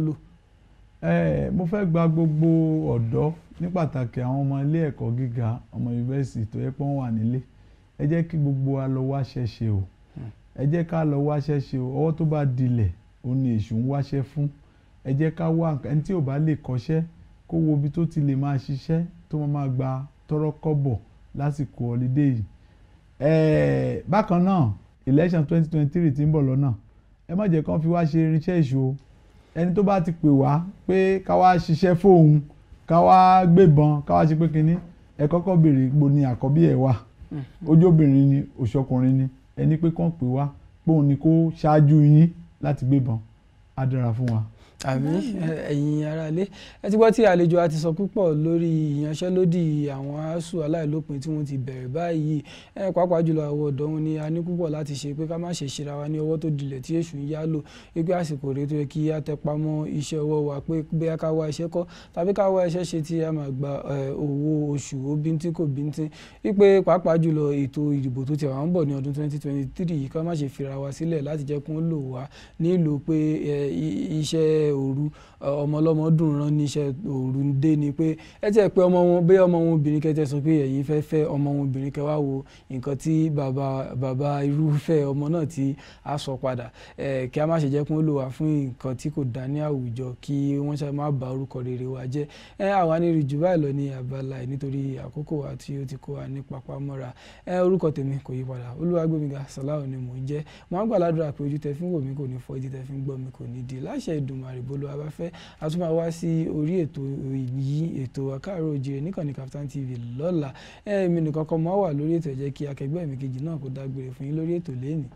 Speaker 2: ẹ mo fẹ́ gba gbogbo ọ̀dọ́ ní pàtàkì àwọn ọmọ ilé ẹ̀kọ́ gíga ọmọ yunifásitì tó yẹ pé wọ́n wà nílé ẹ jẹ́ kí gbogbo wa lọ wáṣẹ́ ṣe o ẹ jẹ́ ká lọ wáṣẹ́ ṣe o ọwọ́ tó bá dilẹ̀ òun ni èṣù ń wáṣẹ́ fún ẹ jẹ́ ká wá ẹni tí ò bá lè kọ́ṣẹ́ kó wo ibi tó ti lè máa ṣiṣẹ́ tó máa gba tọ́rọ́ lásìkò ọ̀lídé yìí ẹ̀ẹ́ bákan náà election twenty twenty three ti ń bọ̀ lọ́nà ẹ má jẹ́ kán fi wá ṣe irinṣẹ́ ìṣó ẹni tó bá ti pè wá pé ká wá ṣiṣẹ́ fóun ká wá gbébọn ká wá ṣe pé kínní ẹ kọ́kọ́ béèrè gbo ni àkọ́bí ẹ̀ wà mhm. ojú ni òṣọkùnrin ni ẹni pé kàn pé wá pé òun ni kó ṣáájú yín láti gbébọn á dára fún wa àmín
Speaker 1: ẹ̀yin aráalé ẹ ti gbọ́ tí àlejò a ti sọ púpọ̀ lórí ìyanṣẹ́lódì àwọn asuu aláìlópin tí wọ́n ti bẹ̀rẹ̀ báyìí ẹ pàápàá jùlọ àwọn ọ̀dọ́ wọn ni a ní púpọ̀ láti ṣe pé ká má ṣe ṣera wa ní ọwọ́ tó dilẹ̀ tí èṣù ń yá lò wípé àsìkò rèé tó yẹ kí a tẹpa mọ́ iṣẹ́ ọwọ́ wa pé bóyá ká wá iṣẹ́ kọ́ tàbí ká wá iṣẹ́ ṣe tí a máa gba owó oṣù bíntín kò òru ọmọ ọlọ́mọ dùn rán níṣẹ́ òru ń dé ni pé ẹ tiẹ̀ pé ọmọ wọn bóyá ọmọ wọn obìnrin kẹtẹ sọ pé ẹ̀yin fẹ́ fẹ́ ọmọ wọn obìnrin kẹ wá wo nǹkan tí bàbá bàbá irúfẹ́ ọmọ náà ti á sọ padà kí a má ṣe jẹ́ kí wọ́n lò wá fún nǹkan tí kò dá ní àwùjọ kí wọ́n ṣe má bà orúkọ rere wa jẹ́ ẹ àwa ní ìrìjù báyìí lọ ní abala yìí nítorí àkókò wa tí ó ti kó wa ní papamọ́ra ẹ orúkọ tèmi kò yí padà olúwagbèmíga sàláhùn ni mò ń jẹ́ mo àrèbólú abáfẹ́ a tún máa wá sí orí ètò yìí ètò àkàrò òjìrè níkànnì Kaftan TV lọ́la ẹ̀ẹ́mì nìkan kan máa wà lórí ètò ẹ̀jẹ̀ kí akẹgbẹ́ mi kejì náà kó dágbére fún yín lórí ètò lẹ́nìí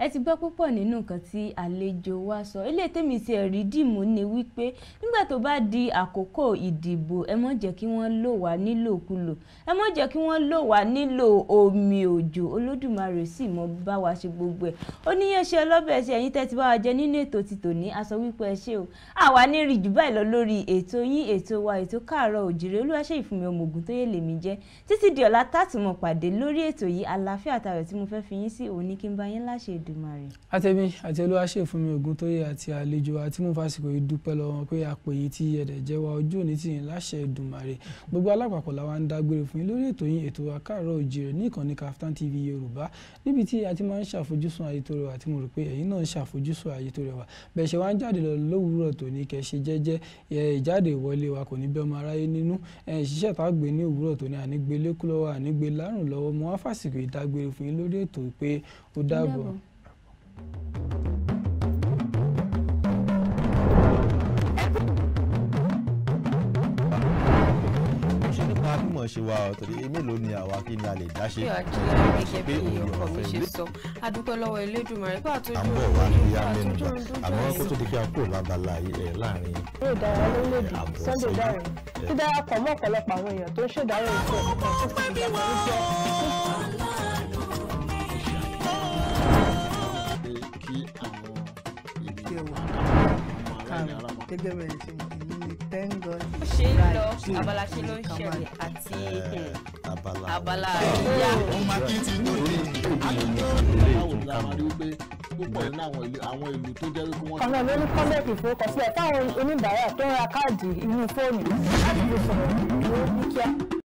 Speaker 3: ẹ ti gbọ́ púpọ̀ nínú nǹkan tí àlejò wa sọ ilé tèmi ti ẹ̀rí dìmú ni wípé nígbà tó bá di àkókò ìdìbò ẹ má jẹ́ kí wọ́n lò wá nílòkulò ẹ má jẹ́ kí wọ́n lò wá nílò omi òjò olódùmarè sì mọ bá wa ṣe gbogbo ẹ̀ ó ní yẹn ṣe ọlọ́bẹ̀ ṣe ẹ̀yin tẹ́ ti bá wa jẹ nínú ètò ti tòní a sọ wípé ẹ ṣé o àwa ní rí jù báyìí lọ lórí ètò yín ètò wa ètò káàárọ̀ òjìrè olúwaṣẹ́ ìfúnmi ọmọ ògùn tó yẹ lèmi jẹ́ títí di ọ̀la tá a tún mọ̀ pàdé lórí ètò yìí àlàáfíà tayọ̀ tí mo fẹ́ fi yín sí òun ní kí n bá yín láṣẹ ìd Olódùmarè.
Speaker 1: àtẹ̀mí àti olúwa ṣe fún mi ògùn tó yẹ àti àlejò àti mú fásikò yìí dúpẹ́ lọ́wọ́ pé àpò yìí ti ẹ̀dẹ̀ jẹ́wọ́ ojú òní ti yìn láṣẹ Èdùmàrè gbogbo alápapọ̀ làwa ń dágbére fún yín lórí ètò yín ètò àkàrọ̀ òjìrè ní ìkànnì Kaftan TV Yorùbá níbi tí a ti máa ń ṣàfojúsùn ààyè tó rẹwà tí mo rò pé ẹ̀yin náà ń ṣàfojúsùn ààyè tó rẹwà bẹ́ẹ̀ ṣe wá ń jáde lọ lówùúrọ̀ tòní kẹ́ ṣe jẹ́jẹ́ ìjáde ìwọlé wa kò ní bẹ́ ọmọ aráyé nínú ṣiṣẹ́ tá a gbé ní òwúrọ̀ tòní ànígbélé kúlọ́wọ́ ànígbélárùn lọ́wọ́ mo wá fàsìkò ìdágbére fún yín lórí ètò pé ó dàbọ̀
Speaker 2: mọ̀ ṣe wa ọ̀ torí mélòó ni àwa kí ni a lè dá ṣe. yóò kí ẹ gẹ́gẹ́ bí ọkọ mi ṣe sọ
Speaker 3: adúpẹ́ lọ́wọ́ Elédùmarè pé àtúntò ń bọ̀ wá ní yá mẹ́nu gbà àmọ́ kó tó
Speaker 2: di pé a kúrò lábala ẹ̀ láàrin. eré ìdárayá lórílẹ̀‐èdè Sunday Dare
Speaker 3: dídarapọ̀ mọ́ ọ̀pọ̀lọpọ̀ àwọn èèyàn tó ń ṣèdárò ìfẹ́
Speaker 2: ọ̀pọ̀
Speaker 4: tó ti fi gbàgbọ́ gẹ́gẹ́ bẹ́ẹ̀ ṣe mọ̀ ní thank
Speaker 3: God. ó ṣe ń lọ abala ṣe ló ń ṣẹlẹ̀ àti eh, abala àríyá.
Speaker 2: ọmọ akéèntì tó dé àlùjọ tó jẹ́ wípé wọ́n. ọ̀nà ló ní kọ́lẹ́ẹ̀kì
Speaker 3: ìfowópamọ́sílẹ̀ fáwọn oníbàárà tó ń ra káàdì inú
Speaker 4: fóònù láti fi sọ̀rọ̀ ní kíá.